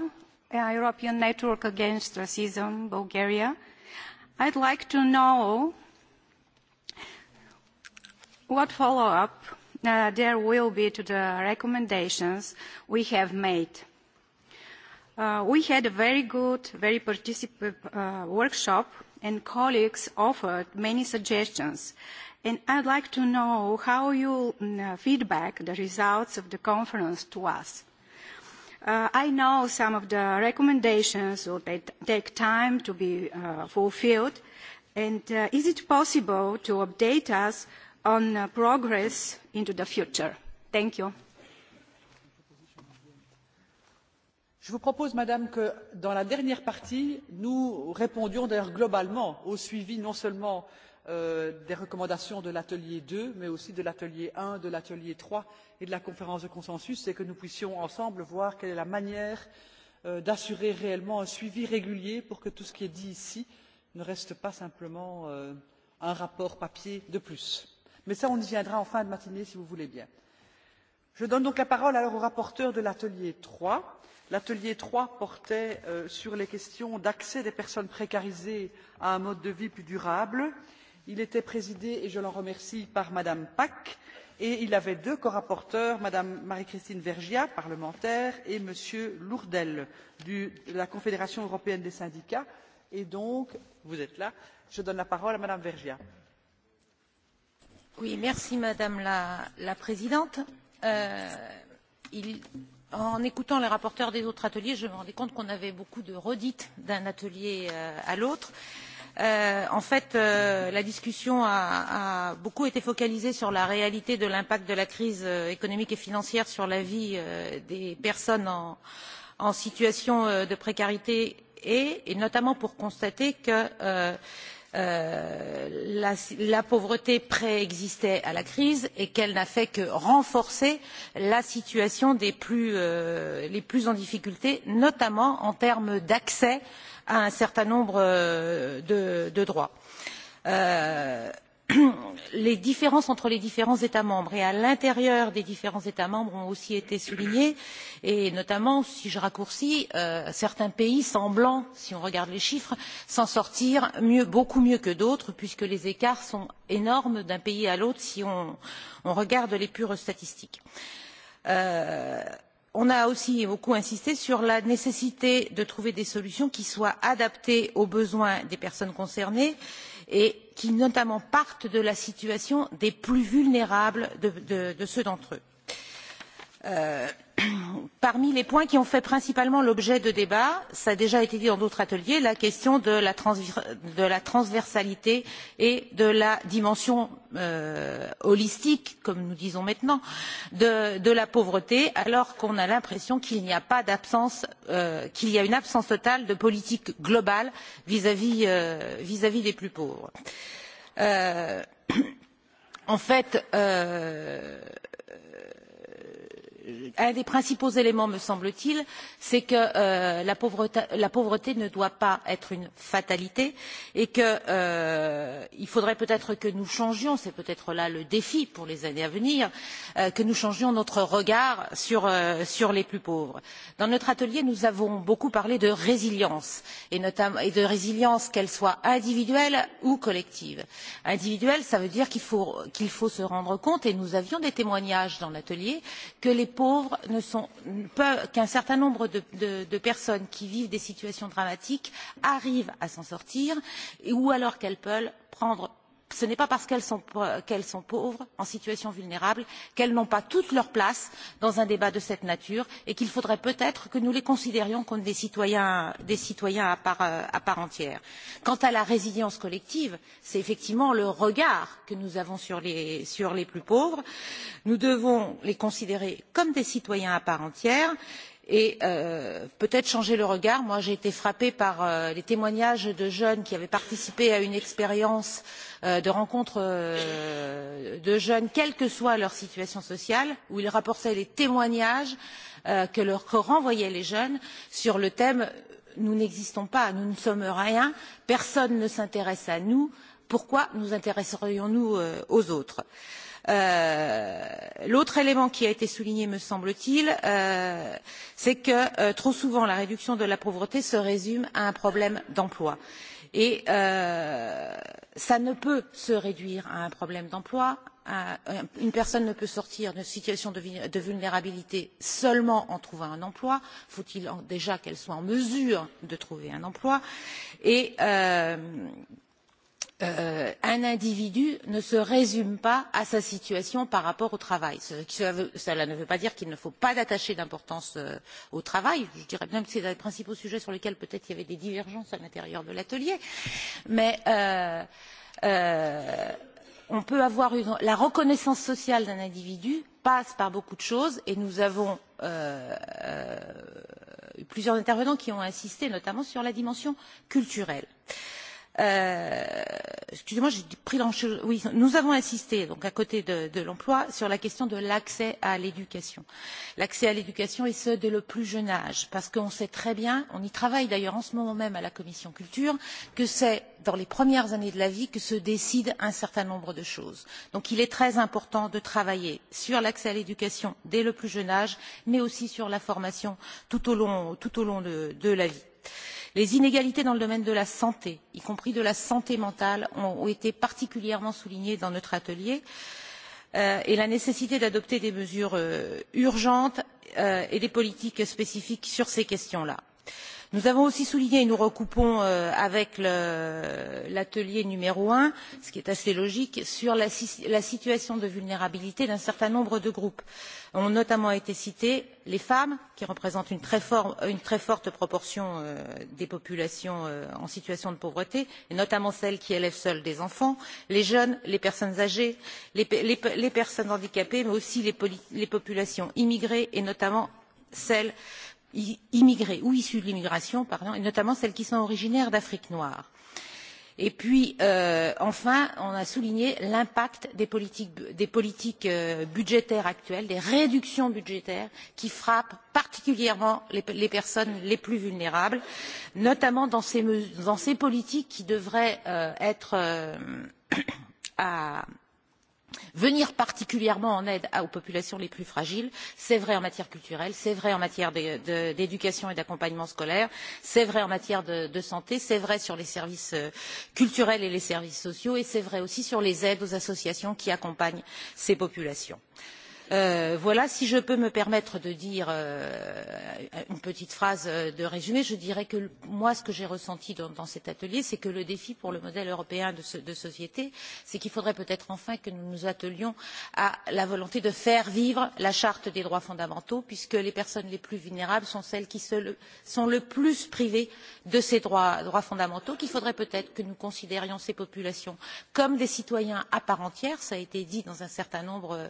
European Network Against Racism, Bulgaria. I'd like to know what follow-up uh, there will be to the recommendations we have made. Uh, we had a very good, very participative uh, workshop and colleagues offered many suggestions. And I'd like to know how you mm, uh, feedback the results of the conference to us. Uh, I know some of the recommendations will take time to be uh, fulfilled. And uh, is it possible to update us on uh, progress into the future? Thank you. Je vous propose, Madame, que dans la dernière partie, nous répondions d'ailleurs globalement au suivi non seulement euh, Euh, des recommandations de l'atelier 2, mais aussi de l'atelier 1, de l'atelier 3 et de la conférence de consensus, c'est que nous puissions ensemble voir quelle est la manière euh, d'assurer réellement un suivi régulier pour que tout ce qui est dit ici ne reste pas simplement euh, un rapport papier de plus. Mais ça, on y viendra en fin de matinée, si vous voulez bien. Je donne donc la parole alors au rapporteur de l'atelier 3. L'atelier 3 portait euh, sur les questions d'accès des personnes précarisées à un mode de vie plus durable il était présidé et je l'en remercie par mme pack et il avait deux corapporteurs mme marie christine vergiat parlementaire et m. lourdel de la confédération européenne des syndicats et donc vous êtes là je donne la parole à mme vergiat. Oui, merci madame la, la présidente euh, il, en écoutant les rapporteurs des autres ateliers je me rendais compte qu'on avait beaucoup de redites d'un atelier euh, à l'autre Euh, en fait, euh, la discussion a, a beaucoup été focalisée sur la réalité de l'impact de la crise euh, économique et financière sur la vie euh, des personnes en, en situation euh, de précarité et, et notamment pour constater que euh, euh, la, la pauvreté préexistait à la crise et qu'elle n'a fait que renforcer la situation des plus, euh, les plus en difficulté, notamment en termes d'accès à un certain nombre euh, de, de droits. Euh, les différences entre les différents États membres et à l'intérieur des différents États membres ont aussi été soulignées et notamment, si je raccourcis, euh, certains pays semblant, si on regarde les chiffres, s'en sortir mieux, beaucoup mieux que d'autres puisque les écarts sont énormes d'un pays à l'autre si on, on regarde les pures statistiques. Euh, on a aussi beaucoup insisté sur la nécessité de trouver des solutions qui soient adaptées aux besoins des personnes concernées et qui notamment partent de la situation des plus vulnérables de, de, de ceux d'entre eux Euh, parmi les points qui ont fait principalement l'objet de débats, cela a déjà été dit dans d'autres ateliers, la question de la, transversalité et de la dimension euh, holistique, comme nous disons maintenant, de, la pauvreté, alors qu'on a l'impression qu'il n'y a pas d'absence, euh, qu'il y a une absence totale de politique globale vis à -vis des plus pauvres. en fait, Euh, un des principaux éléments, me semble-t-il, c'est que euh, la, pauvreté, la pauvreté ne doit pas être une fatalité et qu'il euh, faudrait peut-être que nous changions, c'est peut-être là le défi pour les années à venir, euh, que nous changions notre regard sur, euh, sur les plus pauvres. Dans notre atelier, nous avons beaucoup parlé de résilience et, notamment, et de résilience qu'elle soit individuelle ou collective. Individuelle, ça veut dire qu'il faut, qu'il faut se rendre compte, et nous avions des témoignages dans l'atelier, que les pauvres ne sont qu'un certain nombre de, de, de personnes qui vivent des situations dramatiques arrivent à s'en sortir ou alors qu'elles peuvent prendre ce n'est pas parce qu'elles sont, qu sont pauvres, en situation vulnérable, qu'elles n'ont pas toute leur place dans un débat de cette nature et qu'il faudrait peut-être que nous les considérions comme des citoyens, des citoyens à, part, euh, à part entière. Quant à la résilience collective, c'est effectivement le regard que nous avons sur les, sur les plus pauvres. Nous devons les considérer comme des citoyens à part entière et euh, peut-être changer le regard. Moi, j'ai été frappée par euh, les témoignages de jeunes qui avaient participé à une expérience euh, de rencontre euh, de jeunes, quelle que soit leur situation sociale, où ils rapportaient les témoignages euh, que leur que renvoyaient les jeunes sur le thème nous n'existons pas, nous ne sommes rien, personne ne s'intéresse à nous, pourquoi nous intéresserions-nous euh, aux autres? Euh, Euh, l'autre élément qui a été souligné, me semble-t-il, euh, c'est que euh, trop souvent la réduction de la pauvreté se résume à un problème d'emploi. Et euh, ça ne peut se réduire à un problème d'emploi. Euh, une personne ne peut sortir d'une situation de vulnérabilité seulement en trouvant un emploi. Faut-il déjà qu'elle soit en mesure de trouver un emploi Et euh, euh, un individu ne se résume pas à sa situation par rapport au travail. Cela ne veut pas dire qu'il ne faut pas attacher d'importance euh, au travail. Je dirais même que c'est un des principaux sujets sur lesquels peut-être il y avait des divergences à l'intérieur de l'atelier. Mais euh, euh, on peut avoir une, la reconnaissance sociale d'un individu passe par beaucoup de choses et nous avons euh, euh, plusieurs intervenants qui ont insisté notamment sur la dimension culturelle. Euh, Euh, Excusez-moi, j'ai pris l'enjeu. Oui, nous avons insisté, donc à côté de, de l'emploi, sur la question de l'accès à l'éducation. L'accès à l'éducation et ce dès le plus jeune âge, parce qu'on sait très bien, on y travaille d'ailleurs en ce moment même à la commission culture, que c'est dans les premières années de la vie que se décide un certain nombre de choses. Donc il est très important de travailler sur l'accès à l'éducation dès le plus jeune âge, mais aussi sur la formation tout au long, tout au long de, de la vie. Euh, Les inégalités dans le domaine de la santé, y compris de la santé mentale, ont été particulièrement soulignées dans notre atelier euh, et la nécessité d'adopter des mesures euh, urgentes euh, et des politiques spécifiques sur ces questions-là. Nous avons aussi souligné, et nous recoupons euh, avec l'atelier numéro un, ce qui est assez logique, sur la, la situation de vulnérabilité d'un certain nombre de groupes. Ont notamment été cités les femmes, qui représentent une très, for une très forte proportion euh, des populations euh, en situation de pauvreté, et notamment celles qui élèvent seules des enfants, les jeunes, les personnes âgées, les, les, les personnes handicapées, mais aussi les, les populations immigrées et notamment celles immigrés ou issus de l'immigration, pardon, et notamment celles qui sont originaires d'Afrique noire. Et puis, euh, enfin, on a souligné l'impact des politiques, des politiques euh, budgétaires actuelles, des réductions budgétaires qui frappent particulièrement les, les personnes les plus vulnérables, notamment dans ces, dans ces politiques qui devraient euh, être euh, à venir particulièrement en aide aux populations les plus fragiles c'est vrai en matière culturelle c'est vrai en matière d'éducation et d'accompagnement scolaire c'est vrai en matière de, de santé c'est vrai sur les services euh, culturels et les services sociaux et c'est vrai aussi sur les aides aux associations qui accompagnent ces populations. Euh, voilà, si je peux me permettre de dire euh, une petite phrase euh, de résumé, je dirais que moi, ce que j'ai ressenti dans, dans cet atelier, c'est que le défi pour le modèle européen de, de société, c'est qu'il faudrait peut-être enfin que nous nous attelions à la volonté de faire vivre la charte des droits fondamentaux, puisque les personnes les plus vulnérables sont celles qui se le, sont le plus privées de ces droits, droits fondamentaux, qu'il faudrait peut-être que nous considérions ces populations comme des citoyens à part entière, ça a été dit dans un certain nombre euh,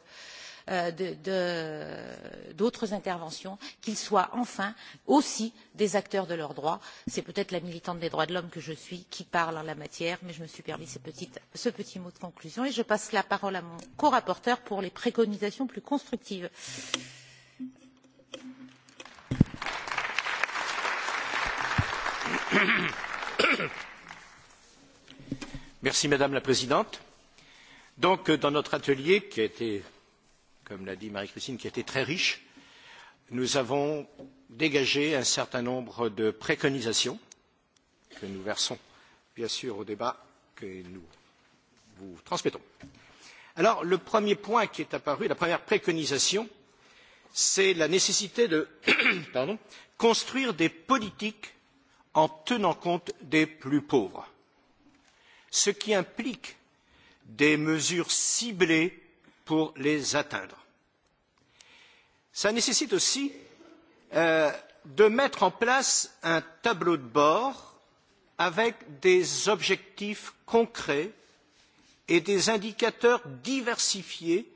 Euh, d'autres interventions, qu'ils soient enfin aussi des acteurs de leurs droits. C'est peut-être la militante des droits de l'homme que je suis qui parle en la matière, mais je me suis permis ce petit, ce petit mot de conclusion et je passe la parole à mon corapporteur pour les préconisations plus constructives. Merci Madame la Présidente. Donc, dans notre atelier qui a été comme l'a dit Marie-Christine, qui était très riche, nous avons dégagé un certain nombre de préconisations que nous versons bien sûr au débat que nous vous transmettons. Alors le premier point qui est apparu, la première préconisation, c'est la nécessité de pardon, construire des politiques en tenant compte des plus pauvres, ce qui implique des mesures ciblées pour les atteindre. Cela nécessite aussi euh, de mettre en place un tableau de bord avec des objectifs concrets et des indicateurs diversifiés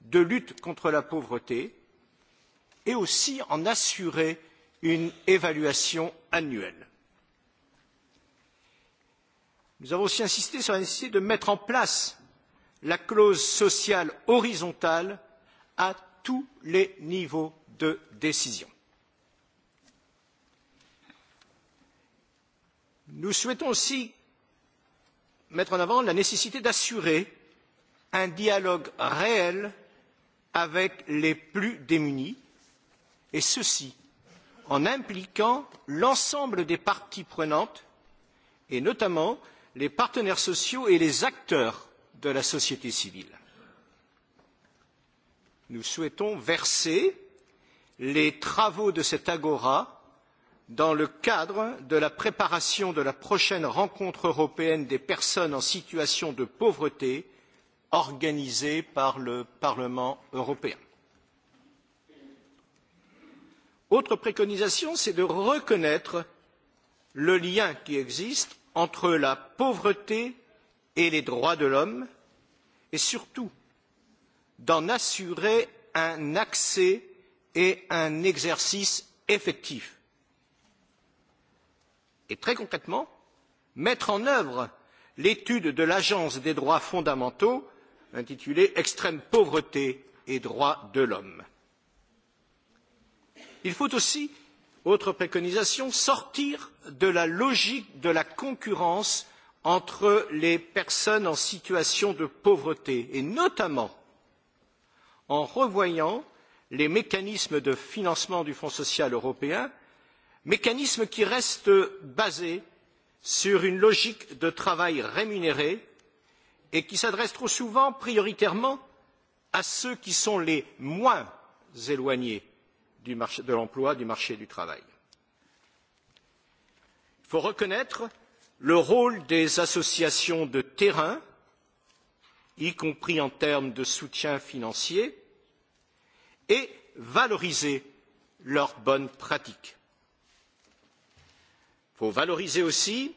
de lutte contre la pauvreté et aussi en assurer une évaluation annuelle. Nous avons aussi insisté sur la nécessité de mettre en place la clause sociale horizontale à tous les niveaux de décision. Nous souhaitons aussi mettre en avant la nécessité d'assurer un dialogue réel avec les plus démunis, et ceci en impliquant l'ensemble des parties prenantes, et notamment les partenaires sociaux et les acteurs de la société civile. Nous souhaitons verser les travaux de cette agora dans le cadre de la préparation de la prochaine rencontre européenne des personnes en situation de pauvreté organisée par le Parlement européen. Autre préconisation, c'est de reconnaître le lien qui existe entre la pauvreté et les droits de l'homme et surtout d'en assurer un accès et un exercice effectif. Et très concrètement, mettre en œuvre l'étude de l'Agence des droits fondamentaux intitulée Extrême pauvreté et droits de l'homme. Il faut aussi, autre préconisation, sortir de la logique de la concurrence entre les personnes en situation de pauvreté et notamment en revoyant les mécanismes de financement du Fonds social européen, mécanismes qui restent basés sur une logique de travail rémunéré et qui s'adresse trop souvent prioritairement à ceux qui sont les moins éloignés du marché, de l'emploi, du marché du travail. Il faut reconnaître le rôle des associations de terrain, y compris en termes de soutien financier, et valoriser leurs bonnes pratiques. Il faut valoriser aussi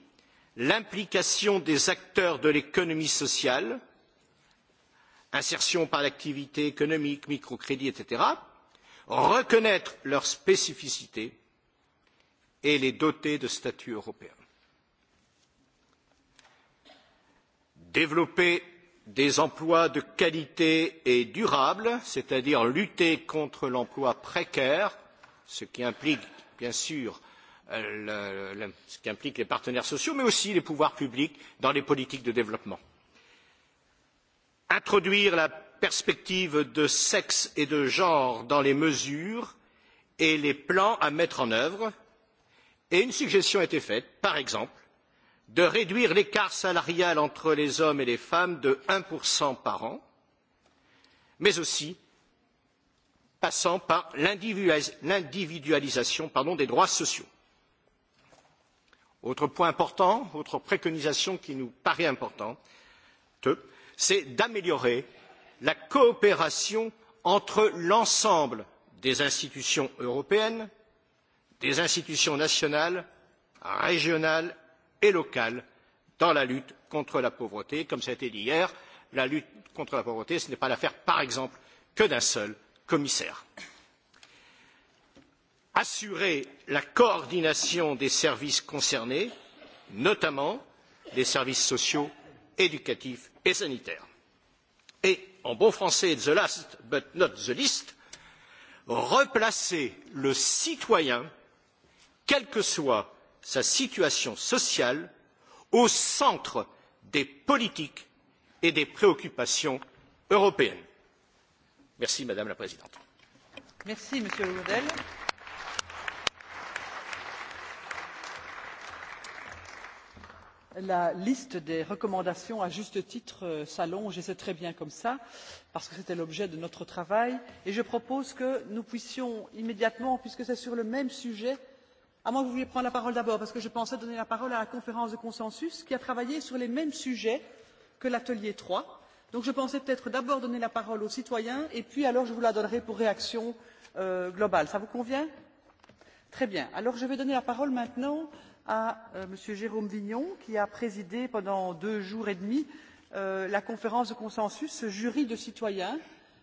l'implication des acteurs de l'économie sociale, insertion par l'activité économique, microcrédit, etc., reconnaître leurs spécificités et les doter de statut européen. développer des emplois de qualité et durables, c'est-à-dire lutter contre l'emploi précaire, ce qui implique bien sûr euh, le, le, ce qui implique les partenaires sociaux, mais aussi les pouvoirs publics dans les politiques de développement. Introduire la perspective de sexe et de genre dans les mesures et les plans à mettre en œuvre, et une suggestion a été faite, par exemple, de réduire l'écart salarial entre les hommes et les femmes de 1% par an, mais aussi passant par l'individualisation des droits sociaux. Autre point important, autre préconisation qui nous paraît importante, c'est d'améliorer la coopération entre l'ensemble des institutions européennes, des institutions nationales, régionales et locales dans la lutte contre la pauvreté. Comme cela a été dit hier, la lutte contre la pauvreté, ce n'est pas l'affaire, par exemple, que d'un seul commissaire. Assurer la coordination des services concernés, notamment des services sociaux, éducatifs et sanitaires. Et, en bon français, the last but not the least, replacer le citoyen, quel que soit sa situation sociale au centre des politiques et des préoccupations européennes. Merci Madame la Présidente. Merci Monsieur le Modèle. la liste des recommandations à juste titre euh, s'allonge et c'est très bien comme cela parce que c'était l'objet de notre travail et je propose que nous puissions immédiatement puisque c'est sur le même sujet À que vous vouliez prendre la parole d'abord, parce que je pensais donner la parole à la conférence de consensus qui a travaillé sur les mêmes sujets que l'atelier 3. Donc je pensais peut-être d'abord donner la parole aux citoyens et puis alors je vous la donnerai pour réaction euh, globale. Ça vous convient Très bien. Alors je vais donner la parole maintenant à euh, M. Jérôme Vignon qui a présidé pendant deux jours et demi euh, la conférence de consensus, ce jury de citoyens,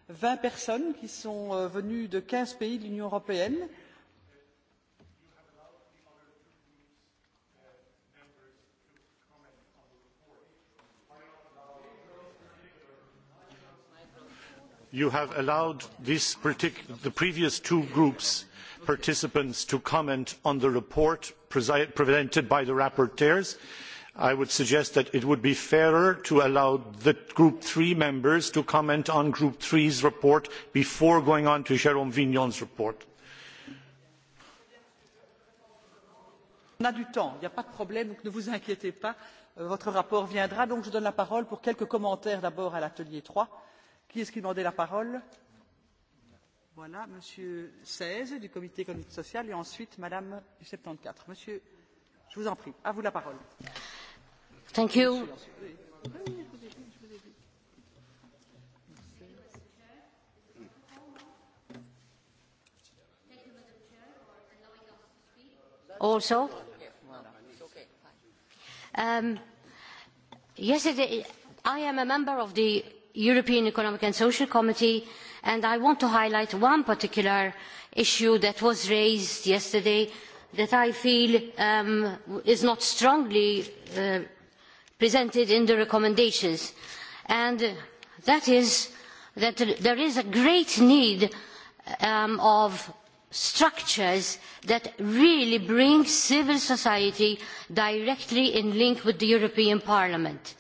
20 personnes qui sont euh, venues de 15 pays de l'Union européenne you have allowed the previous two groups participants to comment on the report presented by the rapporteurs. I would suggest that it would be fairer to allow the Group three members to comment on Group three's report before going on to Jérôme Vignon's report. On a du temps, il n'y a pas de problème, donc ne vous inquiétez pas, euh, votre rapport viendra. Donc je donne la parole pour quelques commentaires d'abord à l'atelier trois Qui est-ce qui demandait la parole Voilà, Monsieur Seize du Comité économique social et ensuite Madame du 74. Monsieur, je vous en prie, à vous la parole. Thank you. Also, um, yesterday I am a member of the European Economic and Social Committee, and I want to highlight one particular issue that was raised yesterday that I feel um, is not strongly uh, presented in the recommendations, and that is that there is a great need um, of structures that really bring civil society directly in link with the European Parliament.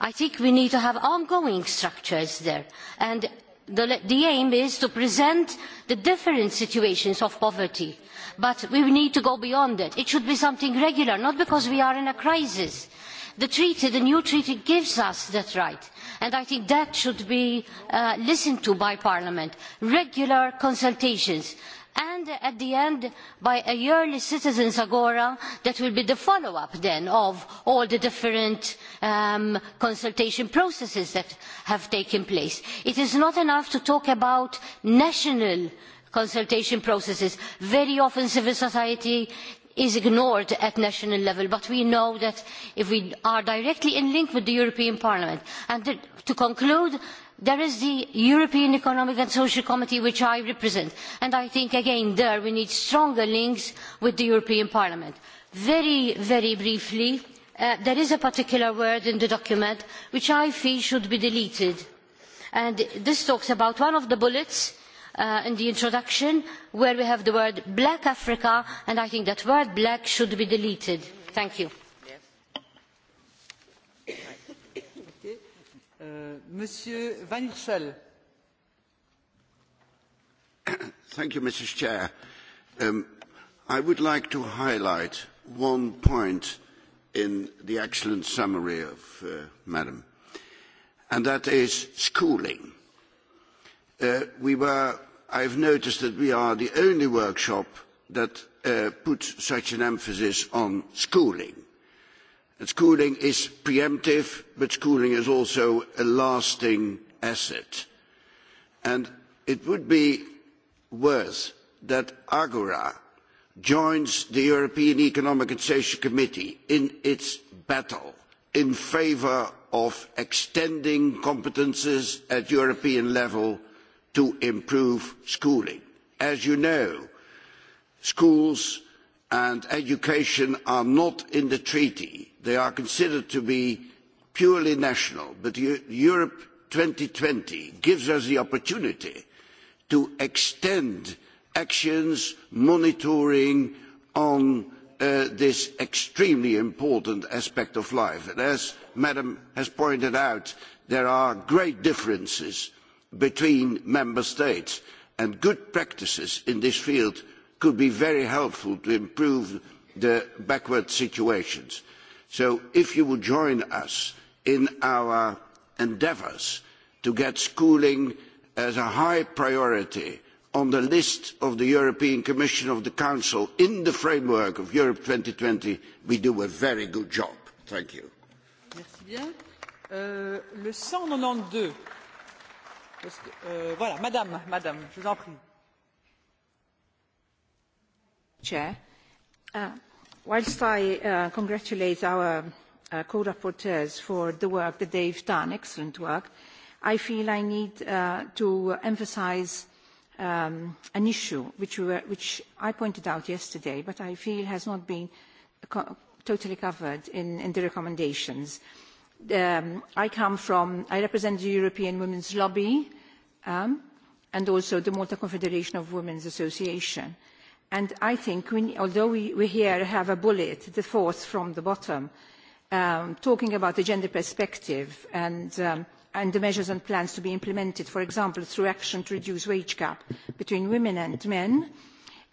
I think we need to have ongoing structures there. And the, the aim is to present the different situations of poverty. But we need to go beyond it. It should be something regular, not because we are in a crisis. The treaty, the new treaty gives us that right. And I think that should be uh, listened to by Parliament. Regular consultations and at the end by a yearly citizens agora that will be the follow-up then of all the different um, consultation processes that have taken place. It is not enough to talk about national consultation processes. Very often civil society is ignored at national level, but we know that if we are directly in link with the European Parliament. And to conclude, There is the European Economic and Social Committee, which I represent, and I think, again, there we need stronger links with the European Parliament. Very, very briefly, uh, there is a particular word in the document which I feel should be deleted. And this talks about one of the bullets uh, in the introduction where we have the word black Africa, and I think that word black should be deleted. Thank you. Euh, Monsieur Van Hirschel. Thank you, Mrs. Chair. Um, I would like to highlight one point in the excellent summary of uh, Madam, and that is schooling. Uh, we were, I've noticed that we are the only workshop that uh, puts such an emphasis on schooling. Schooling is preemptive, but schooling is also a lasting asset. And it would be worth that Agora joins the European Economic and Social Committee in its battle in favour of extending competences at European level to improve schooling. As you know, schools and education are not in the treaty. They are considered to be purely national, but Europe twenty gives us the opportunity to extend actions, monitoring on uh, this extremely important aspect of life. And as Madam has pointed out, there are great differences between member states and good practices in this field could be very helpful to improve the backward situations. So if you would join us in our endeavours to get schooling as a high priority on the list of the European Commission of the Council in the framework of Europe twenty, we do a very good job. Thank you. Euh, le 192. que, euh, voilà, madame, madame, je vous en prie. Chair. Uh, whilst I uh, congratulate our uh, co-rapporteurs for the work that they've done, excellent work, I feel I need uh, to emphasize um, an issue which, we were, which I pointed out yesterday, but I feel has not been co totally covered in, in the recommendations. Um, I come from, I represent the European Women's Lobby um, and also the Malta Confederation of Women's Association. And I think, we, although we, we here have a bullet, the fourth from the bottom, um, talking about the gender perspective and, um, and the measures and plans to be implemented, for example, through action to reduce wage gap between women and men,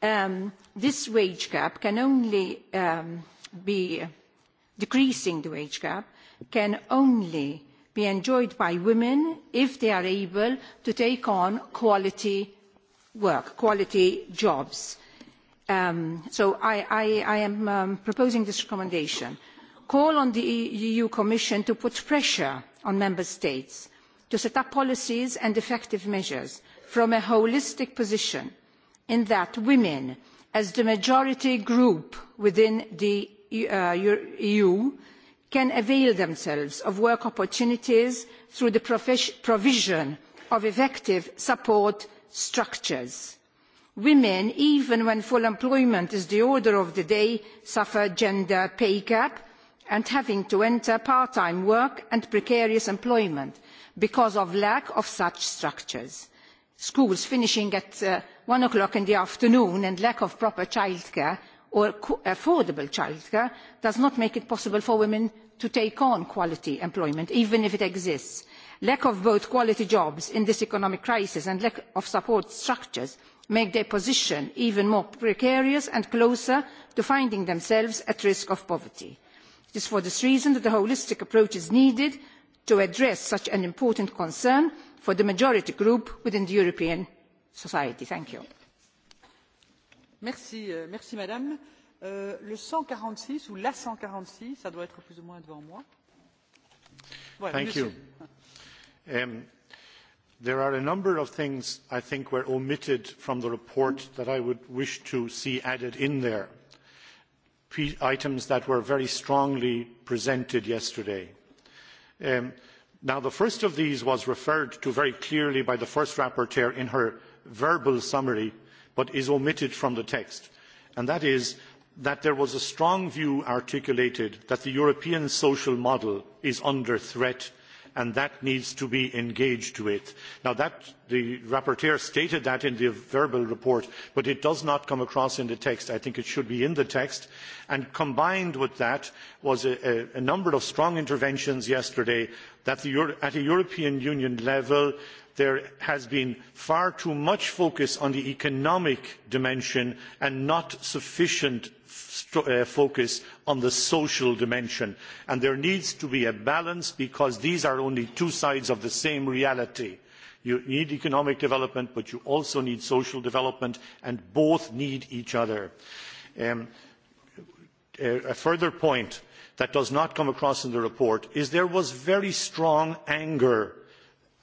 um, this wage gap can only um, be decreasing the wage gap, can only be enjoyed by women if they are able to take on quality work, quality jobs Um, so I, I, I am um, proposing this recommendation. Call on the EU Commission to put pressure on Member States to set up policies and effective measures from a holistic position in that women, as the majority group within the uh, EU, e can avail themselves of work opportunities through the provision of effective support structures Women, even when full employment is the order of the day, suffer gender pay gap and having to enter part-time work and precarious employment because of lack of such structures. Schools finishing at uh, one o'clock in the afternoon and lack of proper childcare or affordable childcare does not make it possible for women to take on quality employment, even if it exists. Lack of both quality jobs in this economic crisis and lack of support structures make their position even more precarious and closer to finding themselves at risk of poverty. It is for this reason that a holistic approach is needed to address such an important concern for the majority group within the European society. Thank you. Merci, euh, euh, ou la doit être plus ou moins devant moi. There are a number of things I think were omitted from the report that I would wish to see added in there. P items that were very strongly presented yesterday. Um, now, the first of these was referred to very clearly by the first rapporteur in her verbal summary, but is omitted from the text, and that is that there was a strong view articulated that the European social model is under threat and that needs to be engaged with. Now that, the rapporteur stated that in the verbal report, but it does not come across in the text. I think it should be in the text. And combined with that was a, a, a number of strong interventions yesterday that the, at a European Union level, there has been far too much focus on the economic dimension and not sufficient Uh, focus on the social dimension. And there needs to be a balance because these are only two sides of the same reality. You need economic development, but you also need social development, and both need each other. Um, uh, a further point that does not come across in the report is there was very strong anger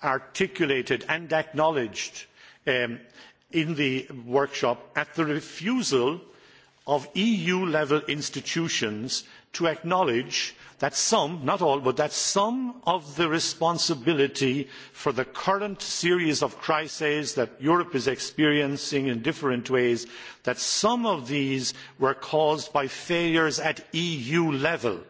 articulated and acknowledged um, in the workshop at the refusal of EU level institutions to acknowledge that some, not all, but that some of the responsibility for the current series of crises that Europe is experiencing in different ways, that some of these were caused by failures at EU level.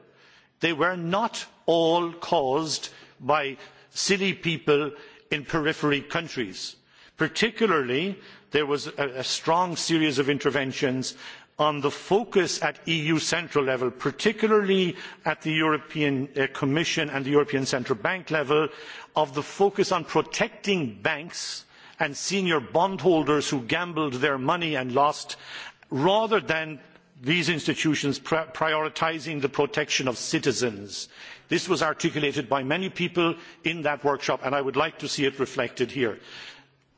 They were not all caused by silly people in periphery countries. Particularly, there was a, a strong series of interventions on the focus at EU central level, particularly at the European uh, Commission and the European Central Bank level, of the focus on protecting banks and senior bondholders who gambled their money and lost, rather than these institutions prioritising the protection of citizens. This was articulated by many people in that workshop, and I would like to see it reflected here.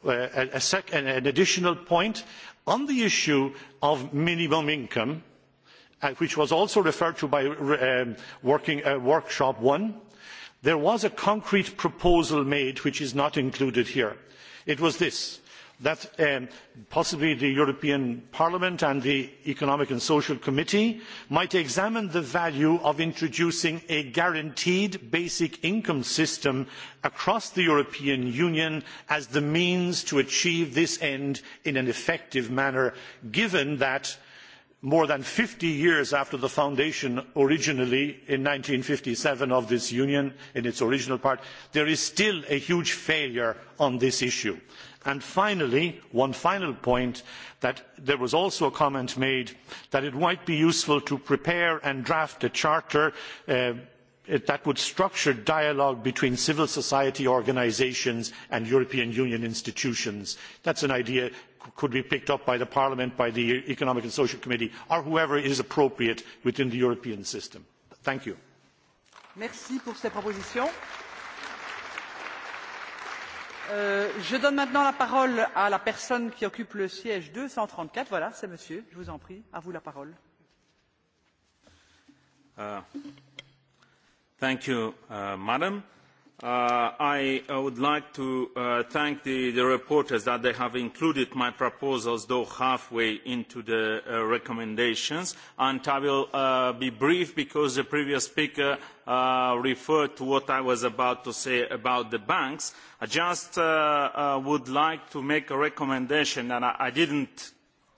Uh, a, a an additional point, on the issue of minimum income, uh, which was also referred to by um, working, uh, Workshop one, there was a concrete proposal made which is not included here. It was this that um, possibly the European Parliament and the Economic and Social Committee might examine the value of introducing a guaranteed basic income system across the European Union as the means to achieve this end in an effective manner, given that more than fifty years after the foundation originally in fifty seven of this union in its original part, there is still a huge failure on this issue. And finally, one final point that there was also a comment made that it might be useful to prepare and draft a charter uh, that would structure dialogue between civil society organisations and European Union institutions. That is an idea that could be picked up by Parliament, by the Economic and Social Committee, or whoever is appropriate within the European system. Thank you. Euh, je donne maintenant la parole à la personne qui occupe le siège 234. Voilà, c'est monsieur, je vous en prie, à vous la parole. Uh, thank you, uh, madam. Uh, I, I uh, would like to uh, thank the, the reporters that they have included my proposals, though halfway into the uh, recommendations. And I will uh, be brief because the previous speaker uh, referred to what I was about to say about the banks. I just uh, uh, would like to make a recommendation that I, I, didn't,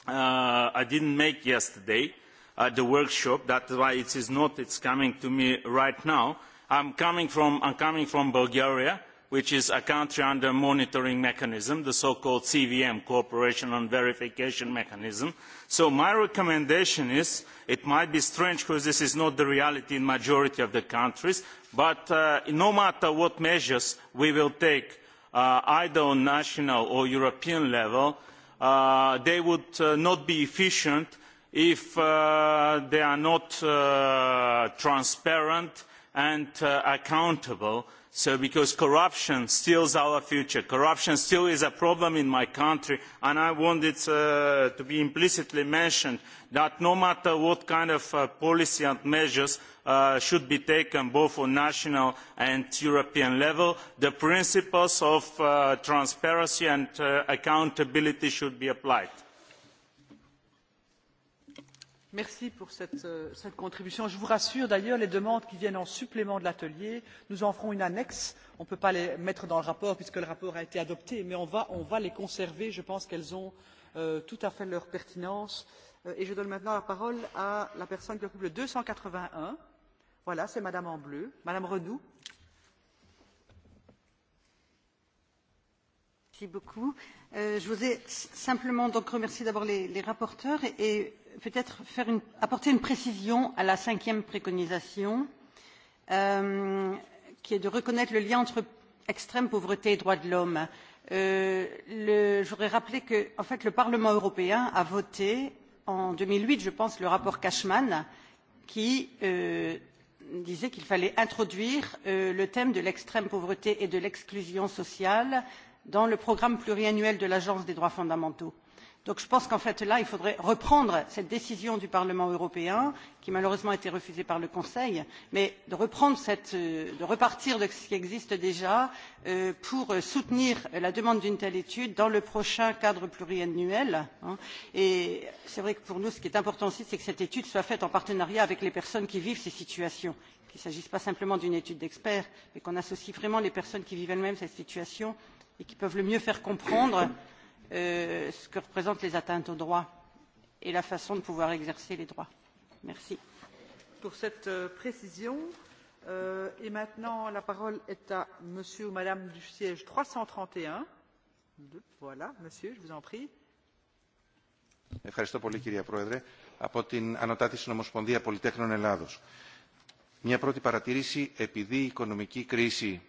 uh, I didn't make yesterday at the workshop. That's why it is not, it's coming to me right now I'm coming from, I'm coming from Bulgaria, which is a country under monitoring mechanism, the so-called CVM, Cooperation and Verification Mechanism. So my recommendation is, it might be strange because this is not the reality in the majority of the countries, but uh, no matter what measures we will take, uh, either on national or European level, uh, they would uh, not be efficient if uh, they are not uh, transparent, and uh, accountable. So because corruption steals our future, corruption still is a problem in my country, and I want it uh, to be implicitly mentioned that no matter what kind of uh, policy and measures uh, should be taken both on national and European level, the principles of uh, transparency and uh, accountability should be applied. Merci pour cette, euh, cette contribution. Je vous rassure d'ailleurs, les demandes qui viennent en supplément de l'atelier, nous en ferons une annexe. On ne peut pas les mettre dans le rapport puisque le rapport a été adopté, mais on va, on va les conserver. Je pense qu'elles ont euh, tout à fait leur pertinence. Euh, et je donne maintenant la parole à la personne qui occupe le 281. Voilà, c'est Madame en bleu. Madame Renou. Merci beaucoup. Euh, je voudrais simplement donc remercier d'abord les, les rapporteurs et, et peut-être faire une, apporter une précision à la cinquième préconisation, euh, qui est de reconnaître le lien entre extrême pauvreté et droits de l'homme. Euh, je voudrais rappeler que, en fait, le Parlement européen a voté en 2008, je pense, le rapport Cashman, qui euh, disait qu'il fallait introduire euh, le thème de l'extrême pauvreté et de l'exclusion sociale dans le programme pluriannuel de l'Agence des droits fondamentaux. Donc je pense qu'en fait là, il faudrait reprendre cette décision du Parlement européen, qui malheureusement a été refusée par le Conseil, mais de reprendre cette, euh, de repartir de ce qui existe déjà euh, pour soutenir la demande d'une telle étude dans le prochain cadre pluriannuel. Hein. Et c'est vrai que pour nous, ce qui est important aussi, c'est que cette étude soit faite en partenariat avec les personnes qui vivent ces situations qu'il ne s'agisse pas simplement d'une étude d'experts, mais qu'on associe vraiment les personnes qui vivent elles-mêmes cette situation et qui peuvent le mieux faire comprendre euh, ce que représentent les atteintes aux droits et la façon de pouvoir exercer les droits. Merci. Pour cette euh, précision, euh, et maintenant la parole est à monsieur ou madame du siège 331. Voilà, monsieur, je vous en prie. Ευχαριστώ πολύ κυρία Πρόεδρε. Από την Ανωτάτη Συνομοσπονδία Πολυτέχνων Ελλάδος. Μια πρώτη παρατήρηση, επειδή η οικονομική κρίση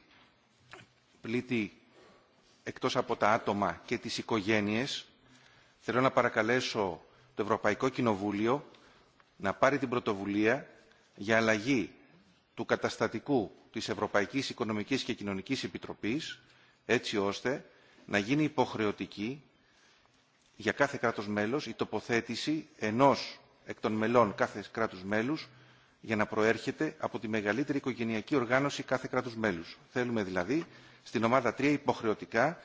πλήττει εκτός από τα άτομα και τις οικογένειες, θέλω να παρακαλέσω το Ευρωπαϊκό Κοινοβούλιο να πάρει την πρωτοβουλία για αλλαγή του καταστατικού της Ευρωπαϊκής Οικονομικής και Κοινωνικής Επιτροπής, έτσι ώστε να γίνει υποχρεωτική για κάθε κράτος μέλος η τοποθέτηση ενός εκ των μελών κάθε κράτους μέλους για να προέρχεται από τη μεγαλύτερη οικογενειακή οργάνωση κάθε κράτους μέλους. Θέλουμε δηλαδή στην ομάδα 3 υποχρεωτικά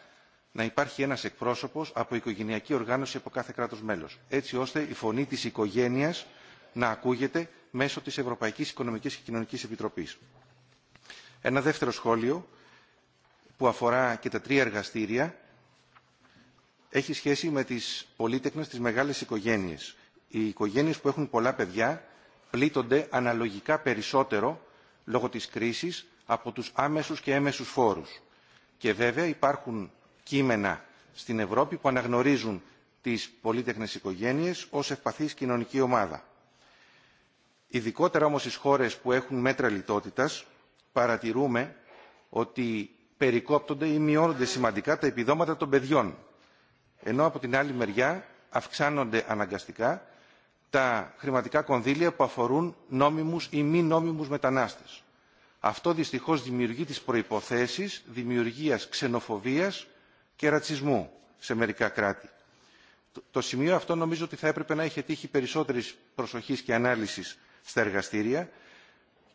να υπάρχει ένας εκπρόσωπος από οικογενειακή οργάνωση από κάθε κράτος μέλος, έτσι ώστε η φωνή της οικογένειας να ακούγεται μέσω της Ευρωπαϊκής Οικονομικής και Κοινωνικής Επιτροπής. Ένα δεύτερο σχόλιο που αφορά και τα τρία εργαστήρια έχει σχέση με τις πολίτεκνες, τις μεγάλες οικογένειες. Οι οικογένειες που έχουν πολλά παιδιά πλήττονται αναλογικά περισσότερο λόγω της κρίσης από τους άμεσους και έμεσους φόρους. Και βέβαια υπάρχουν κείμενα στην Ευρώπη που αναγνωρίζουν τις πολίτεχνες οικογένειες ως ευπαθής κοινωνική ομάδα. Ειδικότερα όμως στις χώρες που έχουν μέτρα λιτότητας παρατηρούμε ότι περικόπτονται ή μειώνονται σημαντικά τα επιδόματα των παιδιών, ενώ από την άλλη μεριά αυξάνονται αναγκαστικά τα χρηματικά κονδύλια που αφορούν νόμιμους ή μη νόμιμους μετανάστες. Αυτό δυστυχώς δημιουργεί τις προϋποθέσεις δημιουργίας ξενοφοβίας και ρατσισμού σε μερικά κράτη. Το σημείο αυτό νομίζω ότι θα έπρεπε να είχε τύχει περισσότερης προσοχής και ανάλυσης στα εργαστήρια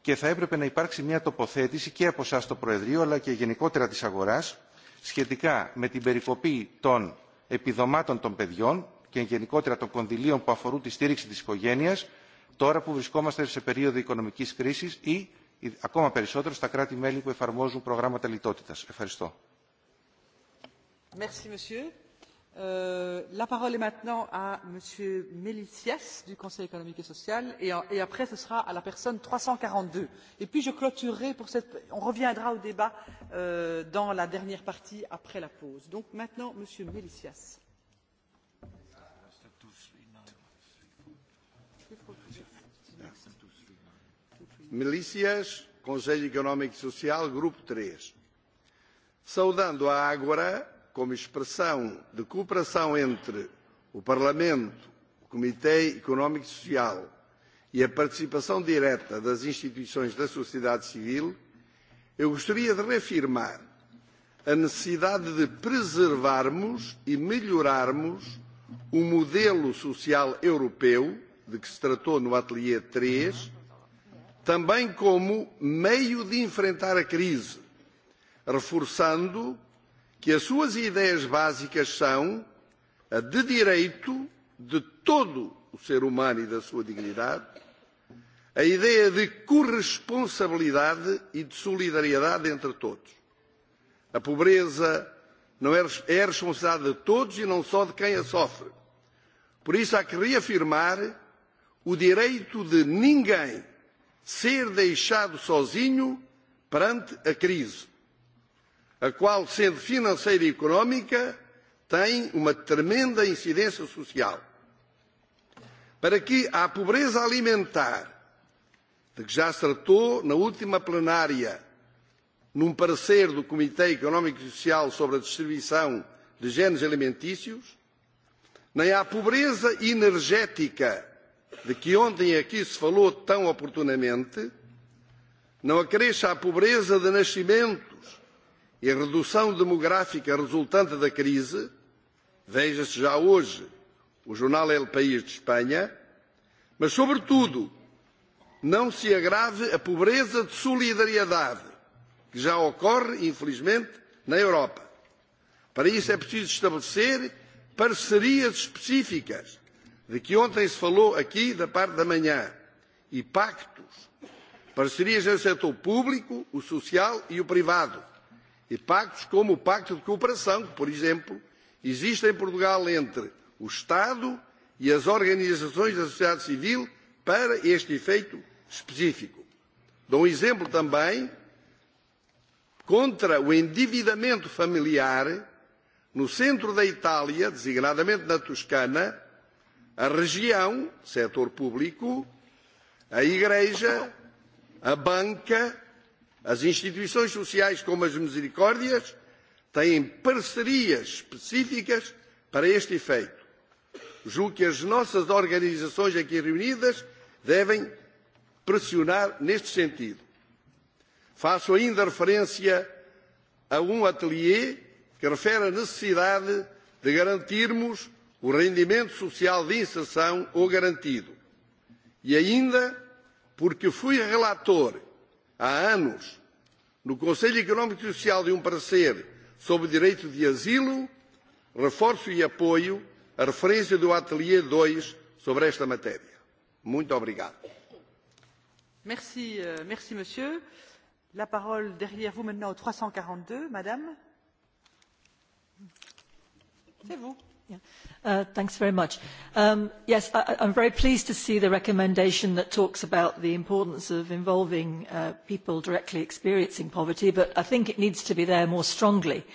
και θα έπρεπε να υπάρξει μια τοποθέτηση και από εσάς το Προεδρείο αλλά και γενικότερα της αγοράς σχετικά με την περικοπή των επιδομάτων των παιδιών και γενικότερα των κονδυλίων που αφορούν τη στήριξη της οικογένειας τώρα που βρισκόμαστε σε περίοδο οικονομικής κρίσης ή ακόμα περισσότερο στα κράτη-μέλη που εφαρμόζουν προγράμματα λιτότητας. Ευχαριστώ. Merci, monsieur. Euh, la parole est maintenant à Monsieur Melicias du Conseil économique et social et, et après ce sera à la personne 342. Et puis je clôturerai pour cette... On reviendra au débat euh, dans la dernière partie après la pause. Donc maintenant Monsieur Melicias. Milícias, Conselho Económico e Social, Grupo 3. Saudando a Ágora como expressão de cooperação entre o Parlamento, o Comitê Económico e Social e a participação direta das instituições da sociedade civil, eu gostaria de reafirmar a necessidade de preservarmos e melhorarmos o modelo social europeu de que se tratou no ateliê 3 também como meio de enfrentar a crise, reforçando que as suas ideias básicas são a de direito de todo o ser humano e da sua dignidade, a ideia de corresponsabilidade e de solidariedade entre todos. A pobreza não é, é a responsabilidade de todos e não só de quem a sofre. Por isso há que reafirmar o direito de ninguém ser deixado sozinho perante a crise, a qual, sendo financeira e económica, tem uma tremenda incidência social. Para que a pobreza alimentar, de que já se tratou na última plenária, num parecer do Comitê Económico e Social sobre a distribuição de géneros alimentícios, nem à pobreza energética, de que ontem aqui se falou tão oportunamente, não acresça a pobreza de nascimentos e a redução demográfica resultante da crise, veja-se já hoje o jornal El País de Espanha, mas, sobretudo, não se agrave a pobreza de solidariedade, que já ocorre, infelizmente, na Europa. Para isso é preciso estabelecer parcerias específicas de que ontem se falou aqui da parte da manhã, e pactos, parcerias entre o setor público, o social e o privado, e pactos como o Pacto de Cooperação, que, por exemplo, existe em Portugal entre o Estado e as organizações da sociedade civil para este efeito específico. Dou um exemplo também contra o endividamento familiar no centro da Itália, designadamente na Toscana, a região, setor público, a igreja, a banca, as instituições sociais como as misericórdias têm parcerias específicas para este efeito. Julgo que as nossas organizações aqui reunidas devem pressionar neste sentido. Faço ainda referência a um ateliê que refere a necessidade de garantirmos o rendimento social de inserção ou garantido. E ainda porque fui relator há anos no Conselho Económico e Social de um parecer sobre o direito de asilo, reforço e apoio a referência do Atelier 2 sobre esta matéria. Muito obrigado. Merci, euh, merci monsieur. La parole derrière vous maintenant au 342, madame. C'est vous. Yeah. Uh, thanks very much. Um, yes, I, I'm very pleased to see the recommendation that talks about the importance of involving uh, people directly experiencing poverty, but I think it needs to be there more strongly.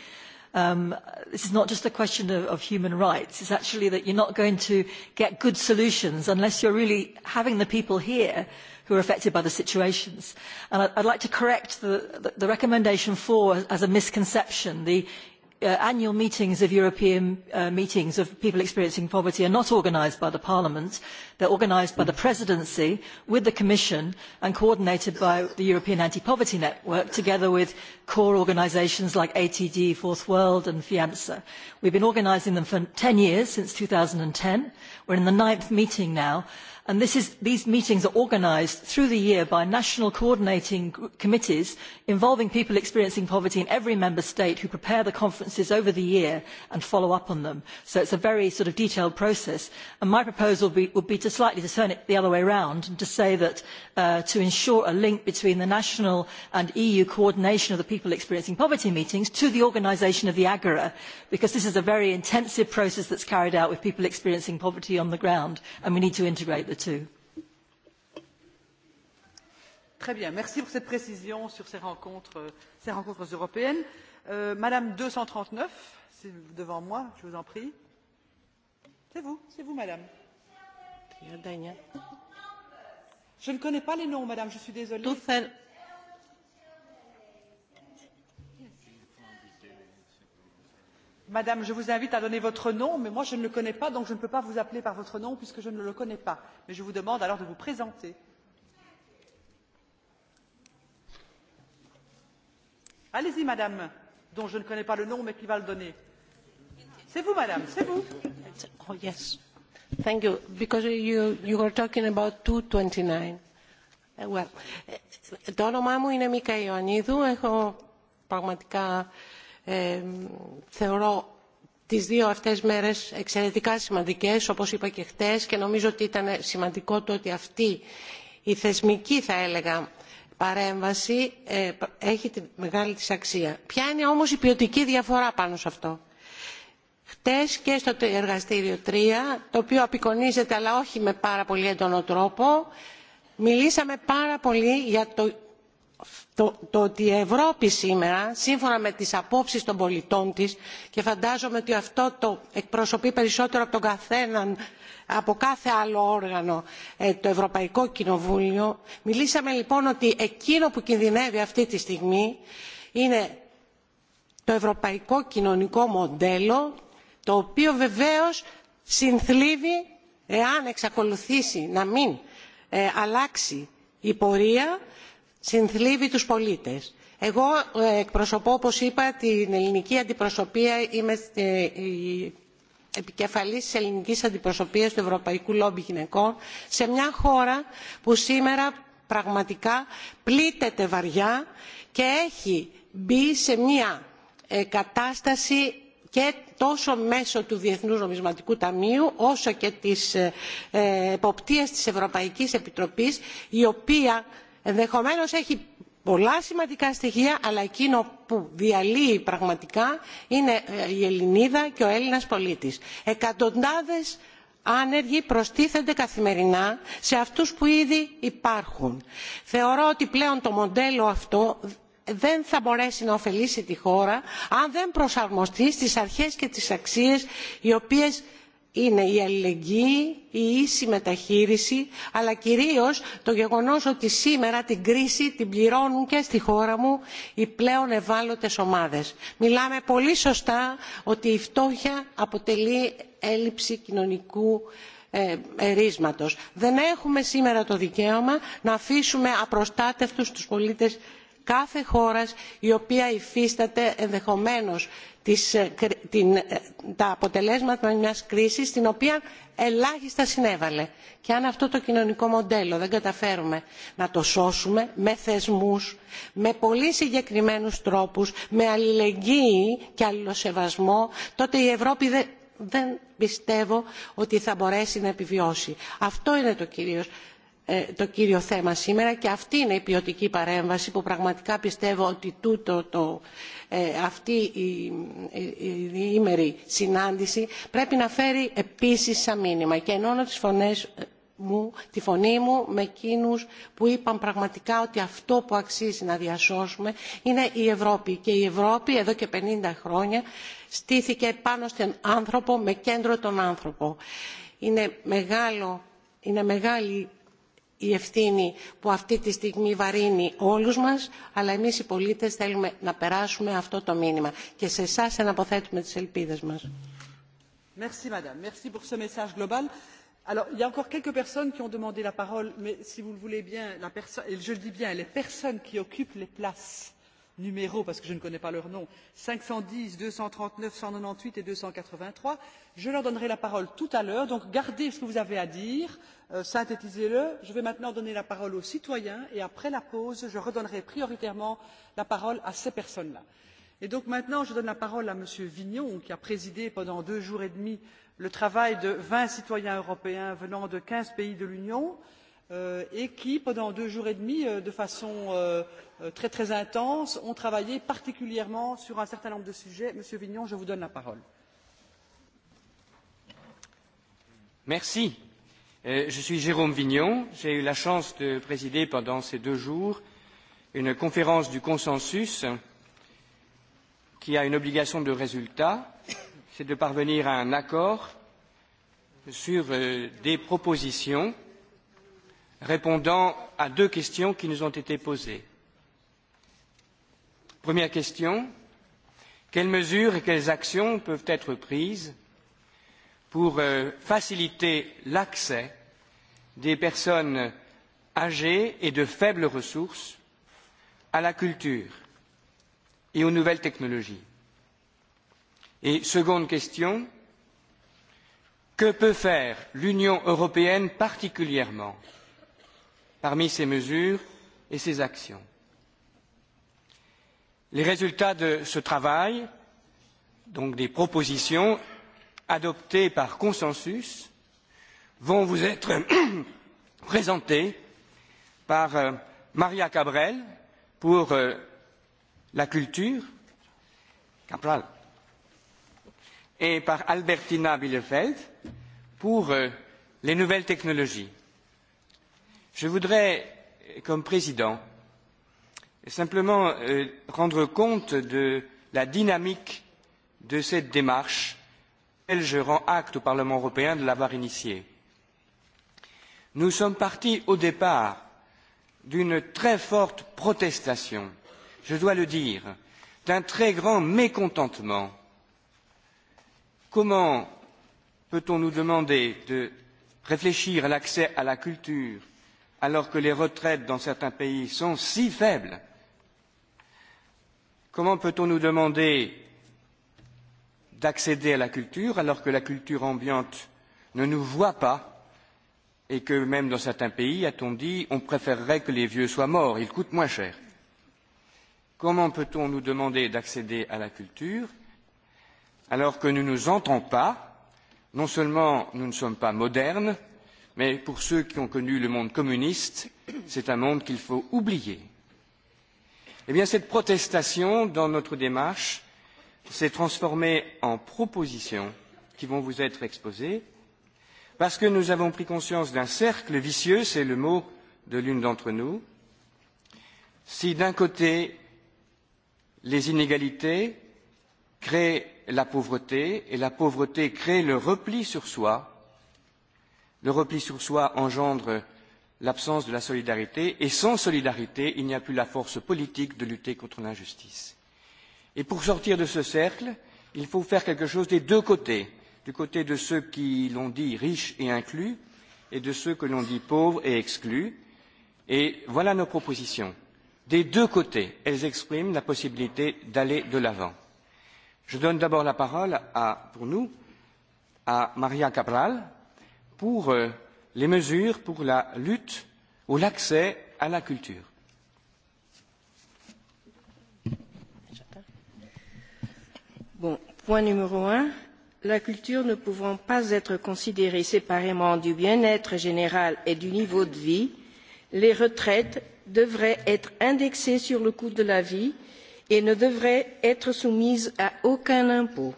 Um, this is not just a question of, of human rights. It's actually that you're not going to get good solutions unless you're really having the people here who are affected by the situations. And I'd, I'd like to correct the, the, the recommendation for as a misconception. The uh, annual meetings of European uh, meetings of people experiencing poverty are not organised by the Parliament. They're organised by the Presidency with the Commission and coordinated by the European Anti-Poverty Network together with core organisations like ATD, Fourth World and We We've been organising them for 10 years, since 2010. We're in the ninth meeting now. And is, these meetings are organised through the year by national coordinating committees involving people experiencing poverty in every member state who prepare the conferences over the year and follow up on them. So it is a very sort of detailed process. And my proposal would be, would be to slightly to turn it the other way around and to say that uh, to ensure a link between the national and EU coordination of the people experiencing poverty meetings to the organisation of the Agora, because this is a very intensive process that is carried out with people experiencing poverty on the ground, and we need to integrate this the two. Très bien, merci pour cette précision sur ces rencontres, ces rencontres européennes. Euh, Madame 239, c'est devant moi, je vous en prie. C'est vous, c'est vous, Madame. Je ne connais pas les noms, Madame, je suis désolée. Madame, je vous invite à donner votre nom, mais moi je ne le connais pas, donc je ne peux pas vous appeler par votre nom puisque je ne le connais pas. Mais je vous demande alors de vous présenter. Allez-y, madame, dont je ne connais pas le nom, mais qui va le donner. C'est vous, madame, c'est vous. Oh, yes. Thank you. Because you, you were talking about 229. Eh, well, το όνομά μου είναι Μίκα Ιωαννίδου. Έχω πραγματικά θεωρώ τις δύο αυτές μέρες εξαιρετικά σημαντικές, όπως είπα και χτες, και νομίζω ότι ήταν σημαντικό το ότι αυτή η θεσμική, θα έλεγα, παρέμβαση ε, έχει τη μεγάλη της αξία. Ποια είναι όμως η ποιοτική διαφορά πάνω σε αυτό. Χτες και στο εργαστήριο 3, το οποίο απεικονίζεται αλλά όχι με πάρα πολύ έντονο τρόπο, μιλήσαμε πάρα πολύ για το το, το ότι η Ευρώπη σήμερα, σύμφωνα με τις απόψεις των πολιτών της, και φαντάζομαι ότι αυτό το εκπροσωπεί περισσότερο από τον καθέναν, από κάθε άλλο όργανο, ε, το Ευρωπαϊκό Κοινοβούλιο, μιλήσαμε λοιπόν ότι εκείνο που κινδυνεύει αυτή τη στιγμή είναι το ευρωπαϊκό κοινωνικό μοντέλο, το οποίο βεβαίως συνθλίβει, εάν εξακολουθήσει να μην ε, αλλάξει η πορεία, συνθλίβει τους πολίτες. Εγώ εκπροσωπώ, όπως είπα, την ελληνική αντιπροσωπεία, είμαι η επικεφαλής της ελληνικής αντιπροσωπείας του Ευρωπαϊκού Λόμπι Γυναικών, σε μια χώρα που σήμερα πραγματικά πλήττεται βαριά και έχει μπει σε μια κατάσταση και τόσο μέσω του Διεθνούς Νομισματικού Ταμείου όσο και της εποπτείας της Ευρωπαϊκής Επιτροπής η οποία Ενδεχομένως έχει πολλά σημαντικά στοιχεία, αλλά εκείνο που διαλύει πραγματικά είναι η Ελληνίδα και ο Έλληνας πολίτης. Εκατοντάδες άνεργοι προστίθενται καθημερινά σε αυτούς που ήδη υπάρχουν. Θεωρώ ότι πλέον το μοντέλο αυτό δεν θα μπορέσει να ωφελήσει τη χώρα αν δεν προσαρμοστεί στις αρχές και τις αξίες οι οποίες είναι η αλληλεγγύη, η ίση μεταχείριση, αλλά κυρίως το γεγονός ότι σήμερα την κρίση την πληρώνουν και στη χώρα μου οι πλέον ευάλωτες ομάδες. Μιλάμε πολύ σωστά ότι η φτώχεια αποτελεί έλλειψη κοινωνικού ερίσματος. Δεν έχουμε σήμερα το δικαίωμα να αφήσουμε απροστάτευτους τους πολίτες κάθε χώρας η οποία υφίσταται ενδεχομένως τις, την, τα αποτελέσματα μιας κρίσης την οποία ελάχιστα συνέβαλε. Και αν αυτό το κοινωνικό μοντέλο δεν καταφέρουμε να το σώσουμε με θεσμούς, με πολύ συγκεκριμένους τρόπους, με αλληλεγγύη και αλληλοσεβασμό, τότε η Ευρώπη δεν, δεν πιστεύω ότι θα μπορέσει να επιβιώσει. Αυτό είναι το κυρίως το κύριο θέμα σήμερα και αυτή είναι η ποιοτική παρέμβαση που πραγματικά πιστεύω ότι τούτο το, ε, αυτή η, η, διήμερη συνάντηση πρέπει να φέρει επίσης σαν μήνυμα και ενώνω τις φωνές μου, τη φωνή μου με εκείνους που είπαν πραγματικά ότι αυτό που αξίζει να διασώσουμε είναι η Ευρώπη και η Ευρώπη εδώ και 50 χρόνια στήθηκε πάνω στον άνθρωπο με κέντρο τον άνθρωπο. Είναι, μεγάλο, είναι μεγάλη η ευθύνη που αυτή τη στιγμή βαρύνει όλους μας, αλλά εμείς οι πολίτες θέλουμε να περάσουμε αυτό το μήνυμα. Και σε εσά αναποθέτουμε τις ελπίδες μας. Merci madame, merci pour ce message global. Alors, il y a encore quelques personnes qui ont demandé la parole, mais si vous le voulez bien, la personne, et je le dis bien, les personnes qui occupent les places numéro, parce que je ne connais pas leur nom, 510, 239, 198 et 283, je leur donnerai la parole tout à l'heure, donc gardez ce que vous avez à dire, Euh, synthétisez le. je vais maintenant donner la parole aux citoyens et après la pause je redonnerai prioritairement la parole à ces personnes là. Et donc maintenant je donne la parole à m. vignon qui a présidé pendant deux jours et demi le travail de vingt citoyens européens venant de quinze pays de l'union euh, et qui pendant deux jours et demi euh, de façon euh, euh, très très intense ont travaillé particulièrement sur un certain nombre de sujets. monsieur vignon je vous donne la parole. Merci Euh, je suis Jérôme Vignon. J'ai eu la chance de présider pendant ces deux jours une conférence du consensus qui a une obligation de résultat, c'est de parvenir à un accord sur euh, des propositions répondant à deux questions qui nous ont été posées. Première question, quelles mesures et quelles actions peuvent être prises pour euh, faciliter l'accès des personnes âgées et de faibles ressources à la culture et aux nouvelles technologies. Et seconde question, que peut faire l'Union européenne particulièrement parmi ces mesures et ces actions Les résultats de ce travail, donc des propositions, adoptés par consensus vont vous être présentés par euh, Maria Cabrel pour euh, la culture, Capral, et par Albertina Bielefeld pour euh, les nouvelles technologies. Je voudrais, comme président, simplement rendre compte de la dynamique de cette démarche je rends acte au Parlement européen de l'avoir initié. Nous sommes partis au départ d'une très forte protestation, je dois le dire, d'un très grand mécontentement. Comment peut-on nous demander de réfléchir à l'accès à la culture alors que les retraites dans certains pays sont si faibles Comment peut-on nous demander d'accéder à la culture, alors que la culture ambiante ne nous voit pas et que même dans certains pays, a-t-on dit, on préférerait que les vieux soient morts, ils coûtent moins cher. Comment peut-on nous demander d'accéder à la culture alors que nous ne nous entendons pas Non seulement nous ne sommes pas modernes, mais pour ceux qui ont connu le monde communiste, c'est un monde qu'il faut oublier. Eh bien, cette protestation dans notre démarche s'est transformée en propositions qui vont vous être exposées, parce que nous avons pris conscience d'un cercle vicieux, c'est le mot de l'une d'entre nous, si d'un côté les inégalités créent la pauvreté et la pauvreté crée le repli sur soi, le repli sur soi engendre l'absence de la solidarité et sans solidarité, il n'y a plus la force politique de lutter contre l'injustice. Et pour sortir de ce cercle, il faut faire quelque chose des deux côtés, du côté de ceux qui l'ont dit riches et inclus, et de ceux que l'on dit pauvres et exclus. Et voilà nos propositions. Des deux côtés, elles expriment la possibilité d'aller de l'avant. Je donne d'abord la parole à, pour nous à Maria Cabral pour euh, les mesures pour la lutte ou l'accès à la culture. Bon, point numéro un, la culture ne pouvant pas être considérée séparément du bien-être général et du niveau de vie, les retraites devraient être indexées sur le coût de la vie et ne devraient être soumises à aucun impôt.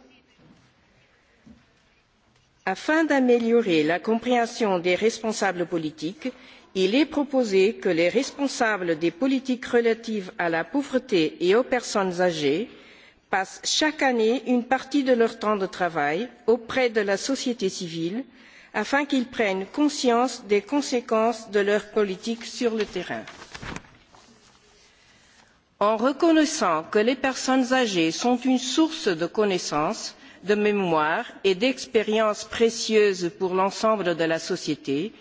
Afin d'améliorer la compréhension des responsables politiques, il est proposé que les responsables des politiques relatives à la pauvreté et aux personnes âgées passent chaque année une partie de leur temps de travail auprès de la société civile afin qu'ils prennent conscience des conséquences de leur politique sur le terrain. En reconnaissant que les personnes âgées sont une source de connaissances, de mémoire et d'expériences précieuses pour l'ensemble de la société,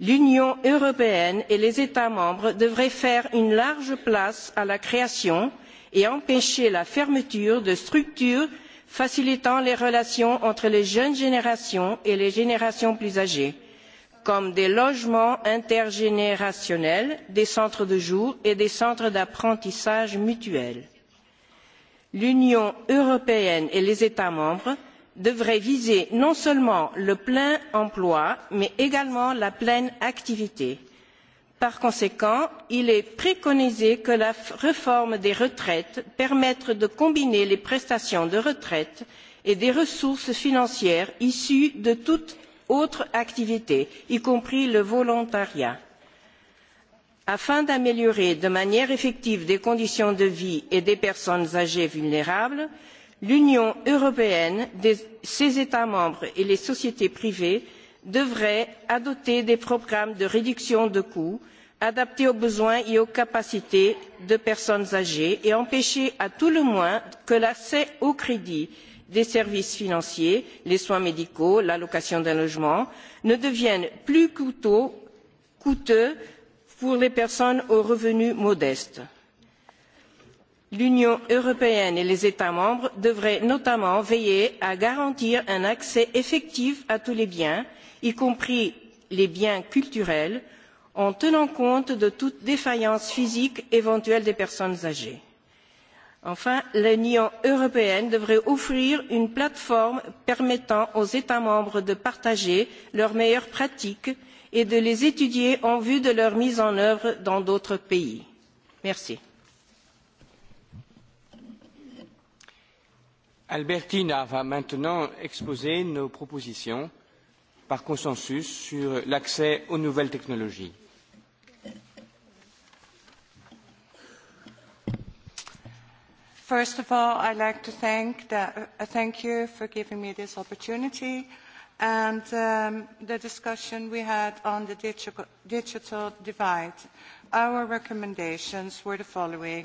l'Union européenne et les États membres devraient faire une large place à la création et empêcher la fermeture de structures facilitant les relations entre les jeunes générations et les générations plus âgées, comme des logements intergénérationnels, des centres de jour et des centres d'apprentissage mutuel. L'Union européenne et les États membres devraient viser non seulement le plein emploi, mais également la pleine activité Par conséquent, il est préconisé que la réforme des retraites permette de combiner les prestations de retraite et des ressources financières issues de toute autre activité, y compris le volontariat. Afin d'améliorer de manière effective les conditions de vie et des personnes âgées vulnérables, l'Union européenne, ses États membres et les sociétés privées devraient adopter des programmes de réduction de coûts adaptée aux besoins et aux capacités de personnes âgées et empêcher à tout le moins que l'accès au crédit des services financiers les soins médicaux l'allocation d'un logement ne devienne plus coûteux pour les personnes aux revenus modestes. l'union européenne et les états membres devraient notamment veiller à garantir un accès effectif à tous les biens y compris les biens culturels en tenant compte de toute défaillance physique éventuelle des personnes âgées. Enfin, l'Union européenne devrait offrir une plateforme permettant aux États membres de partager leurs meilleures pratiques et de les étudier en vue de leur mise en œuvre dans d'autres pays. Merci. Albertina va maintenant exposer nos propositions par consensus sur l'accès aux nouvelles technologies. First of all, I'd like to thank, the, uh, thank you for giving me this opportunity and um, the discussion we had on the digital, digital divide. Our recommendations were the following.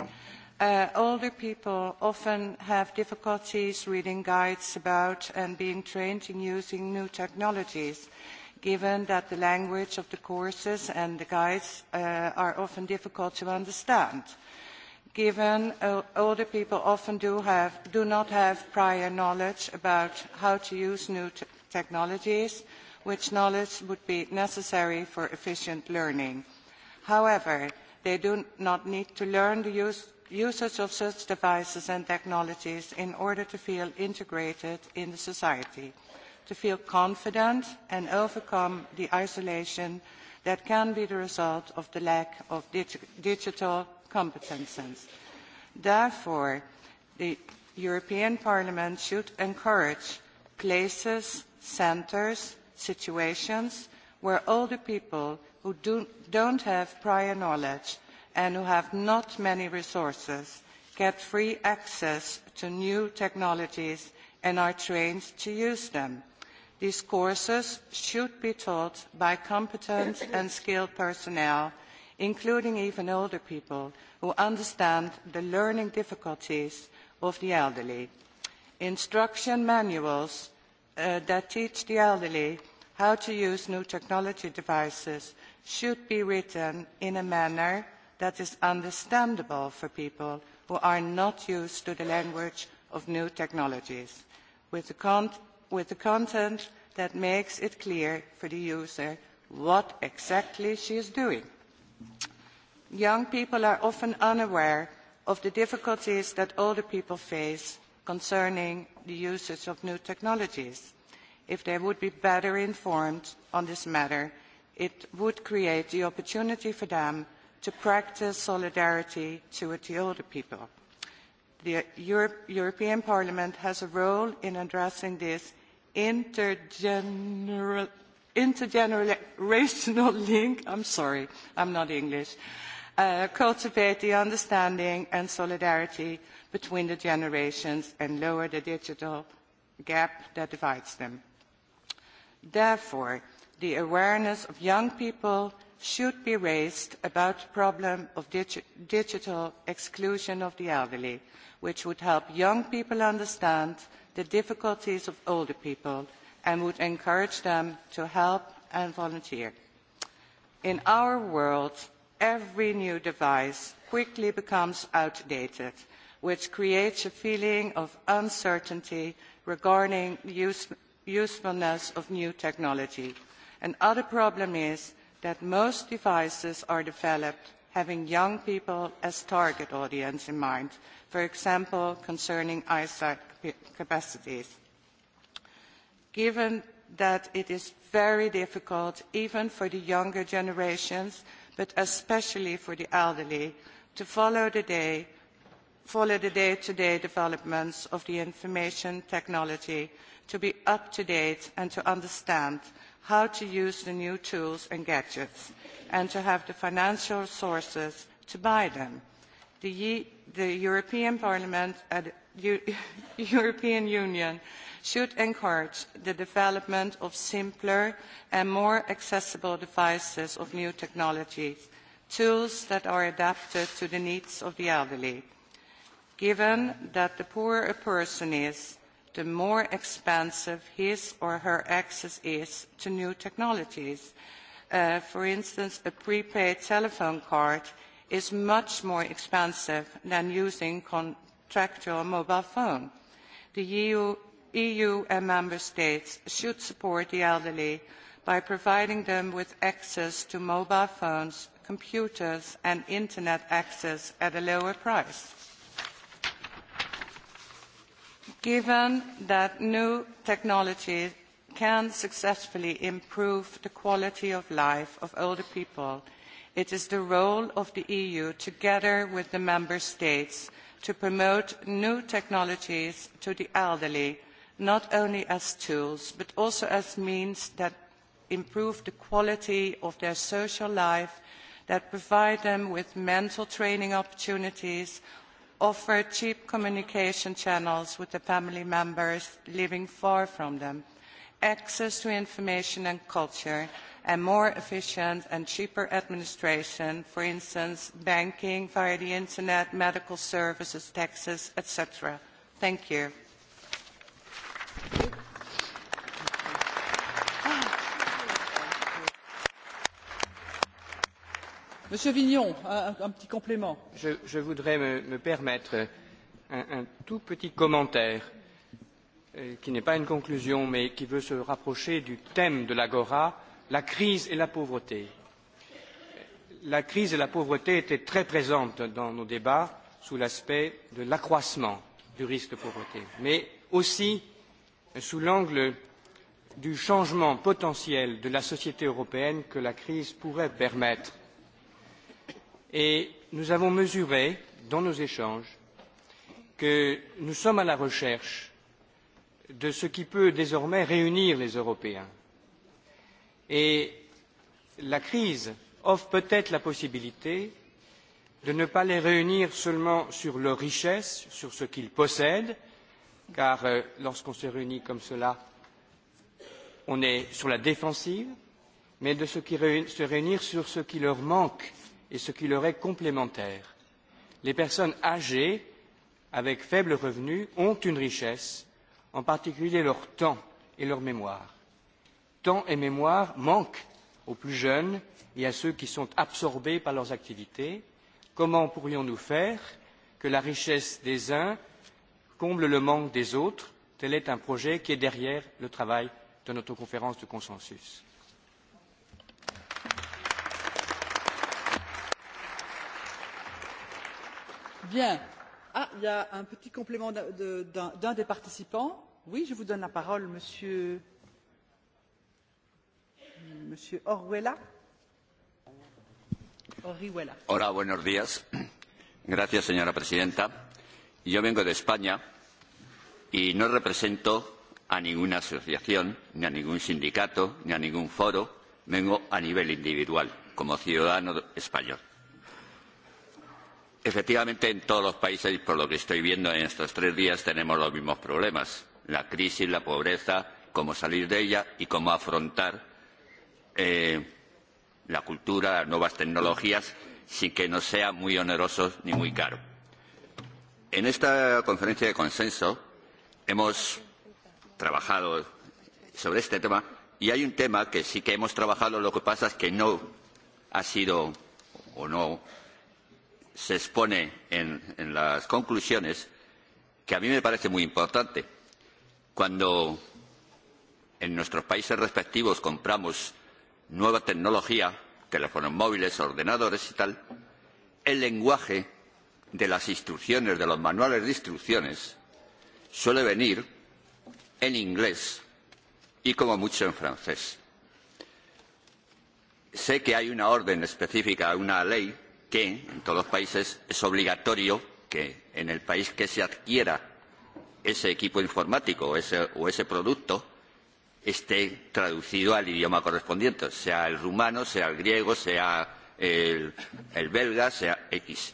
Uh, older people often have difficulties reading guides about and being trained in using new technologies, given that the language of the courses and the guides uh, are often difficult to understand. Uh, given uh, older people often do, have, do not have prior knowledge about how to use new te technologies, which knowledge would be necessary for efficient learning. However, they do not need to learn the use, usage of such devices and technologies in order to feel integrated in the society, to feel confident and overcome the isolation that can be the result of the lack of dig digital competences. Therefore, the European Parliament should encourage places, centres, situations where older people who do, not have prior knowledge and who have not many resources get free access to new technologies and are trained to use them. These courses should be taught by competent and skilled personnel including even older people who understand the learning difficulties of the elderly. Instruction manuals uh, that teach the elderly how to use new technology devices should be written in a manner that is understandable for people who are not used to the language of new technologies, with the, con with the content that makes it clear for the user what exactly she is doing. Young people are often unaware of the difficulties that older people face concerning the usage of new technologies. If they would be better informed on this matter, it would create the opportunity for them to practice solidarity to the older people. The Europe, European Parliament has a role in addressing this intergenerational intergenerational link, I'm sorry, I'm not English, uh, cultivate the understanding and solidarity between the generations and lower the digital gap that divides them. Therefore, the awareness of young people should be raised about the problem of dig digital exclusion of the elderly, which would help young people understand the difficulties of older people and would encourage them to help and volunteer. In our world, every new device quickly becomes outdated, which creates a feeling of uncertainty regarding the use usefulness of new technology. Another problem is that most devices are developed having young people as target audience in mind, for example, concerning eyesight capacities given that it is very difficult, even for the younger generations, but especially for the elderly, to follow the day follow the day-to-day -day developments of the information technology to be up to date and to understand how to use the new tools and gadgets and to have the financial sources to buy them. The, the European Parliament European Union should encourage the development of simpler and more accessible devices of new technologies, tools that are adapted to the needs of the elderly. Given that the poorer a person is, the more expensive his or her access is to new technologies. Uh, for instance, a prepaid telephone card is much more expensive than using con track your mobile phone. The EU, EU and Member States should support the elderly by providing them with access to mobile phones, computers and internet access at a lower price. Given that new technology can successfully improve the quality of life of older people, it is the role of the EU together with the Member States to promote new technologies to the elderly, not only as tools, but also as means that improve the quality of their social life, that provide them with mental training opportunities, offer cheap communication channels with the family members living far from them, access to information and culture, and more efficient and cheaper administration, for instance, banking via the internet, medical services, taxes, etc. Thank you. Monsieur Vignon, un, un petit complément. Je, je voudrais me, me permettre un, un tout petit commentaire euh, qui n'est pas une conclusion mais qui veut se rapprocher du thème de l'Agora la crise et la pauvreté. La crise et la pauvreté étaient très présentes dans nos débats sous l'aspect de l'accroissement du risque de pauvreté, mais aussi sous l'angle du changement potentiel de la société européenne que la crise pourrait permettre. Et nous avons mesuré dans nos échanges que nous sommes à la recherche de ce qui peut désormais réunir les Européens Et la crise offre peut-être la possibilité de ne pas les réunir seulement sur leur richesse, sur ce qu'ils possèdent, car euh, lorsqu'on se réunit comme cela, on est sur la défensive, mais de se, qui réun se réunir sur ce qui leur manque et ce qui leur est complémentaire. Les personnes âgées, avec faibles revenus, ont une richesse, en particulier leur temps et leur mémoire temps et mémoire manquent aux plus jeunes et à ceux qui sont absorbés par leurs activités. Comment pourrions-nous faire que la richesse des uns comble le manque des autres Tel est un projet qui est derrière le travail de notre conférence de consensus. Bien. Ah, il y a un petit complément d'un des participants. Oui, je vous donne la parole, monsieur. Hola, buenos días. Gracias, señora presidenta. Yo vengo de España y no represento a ninguna asociación, ni a ningún sindicato, ni a ningún foro. Vengo a nivel individual, como ciudadano español. Efectivamente, en todos los países, por lo que estoy viendo en estos tres días, tenemos los mismos problemas. La crisis, la pobreza, cómo salir de ella y cómo afrontar eh, la cultura, las nuevas tecnologías, sin que no sea muy oneroso ni muy caro. En esta conferencia de consenso hemos trabajado sobre este tema y hay un tema que sí que hemos trabajado, lo que pasa es que no ha sido o no se expone en, en las conclusiones, que a mí me parece muy importante. Cuando en nuestros países respectivos compramos nueva tecnología, teléfonos móviles, ordenadores y tal, el lenguaje de las instrucciones, de los manuales de instrucciones, suele venir en inglés y como mucho en francés. Sé que hay una orden específica, una ley, que en todos los países es obligatorio que en el país que se adquiera ese equipo informático o ese, o ese producto, esté traducido al idioma correspondiente, sea el rumano, sea el griego, sea el, el belga, sea X.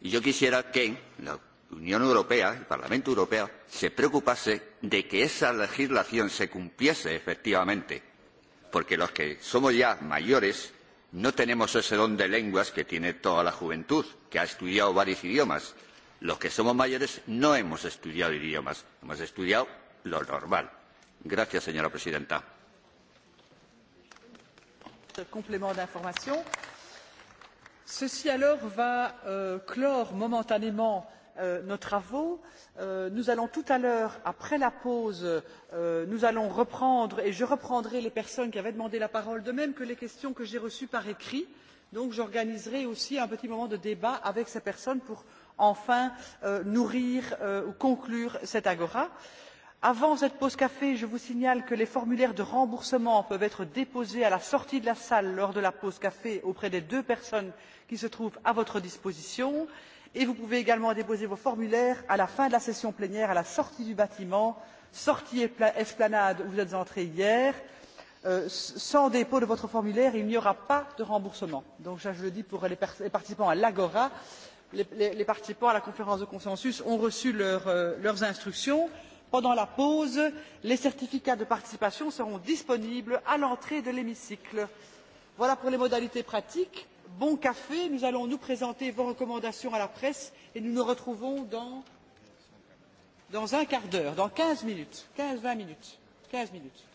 Y yo quisiera que la Unión Europea, el Parlamento Europeo, se preocupase de que esa legislación se cumpliese efectivamente, porque los que somos ya mayores no tenemos ese don de lenguas que tiene toda la juventud, que ha estudiado varios idiomas. Los que somos mayores no hemos estudiado idiomas, hemos estudiado lo normal presidenta. Complément d'information. Ceci alors va euh, clore momentanément euh, nos travaux. Euh, nous allons tout à l'heure, après la pause, euh, nous allons reprendre et je reprendrai les personnes qui avaient demandé la parole, de même que les questions que j'ai reçues par écrit. Donc j'organiserai aussi un petit moment de débat avec ces personnes pour enfin euh, nourrir euh, ou conclure cette agora. Euh, avant cette pause café je vous signale que les formulaires de remboursement peuvent être déposés à la sortie de la salle lors de la pause café auprès des deux personnes qui se trouvent à votre disposition et vous pouvez également déposer vos formulaires à la fin de la session plénière à la sortie du bâtiment sortie esplanade où vous êtes entrés hier. Euh, sans dépôt de votre formulaire il n'y aura pas de remboursement. donc je le dis pour les, les participants à l'agora les, les, les participants à la conférence de consensus ont reçu leur, euh, leurs instructions pendant la pause les certificats de participation seront disponibles à l'entrée de l'hémicycle. voilà pour les modalités pratiques. bon café nous allons nous présenter vos recommandations à la presse et nous nous retrouvons dans, dans un quart d'heure dans 15 minutes 15-20 minutes quinze minutes.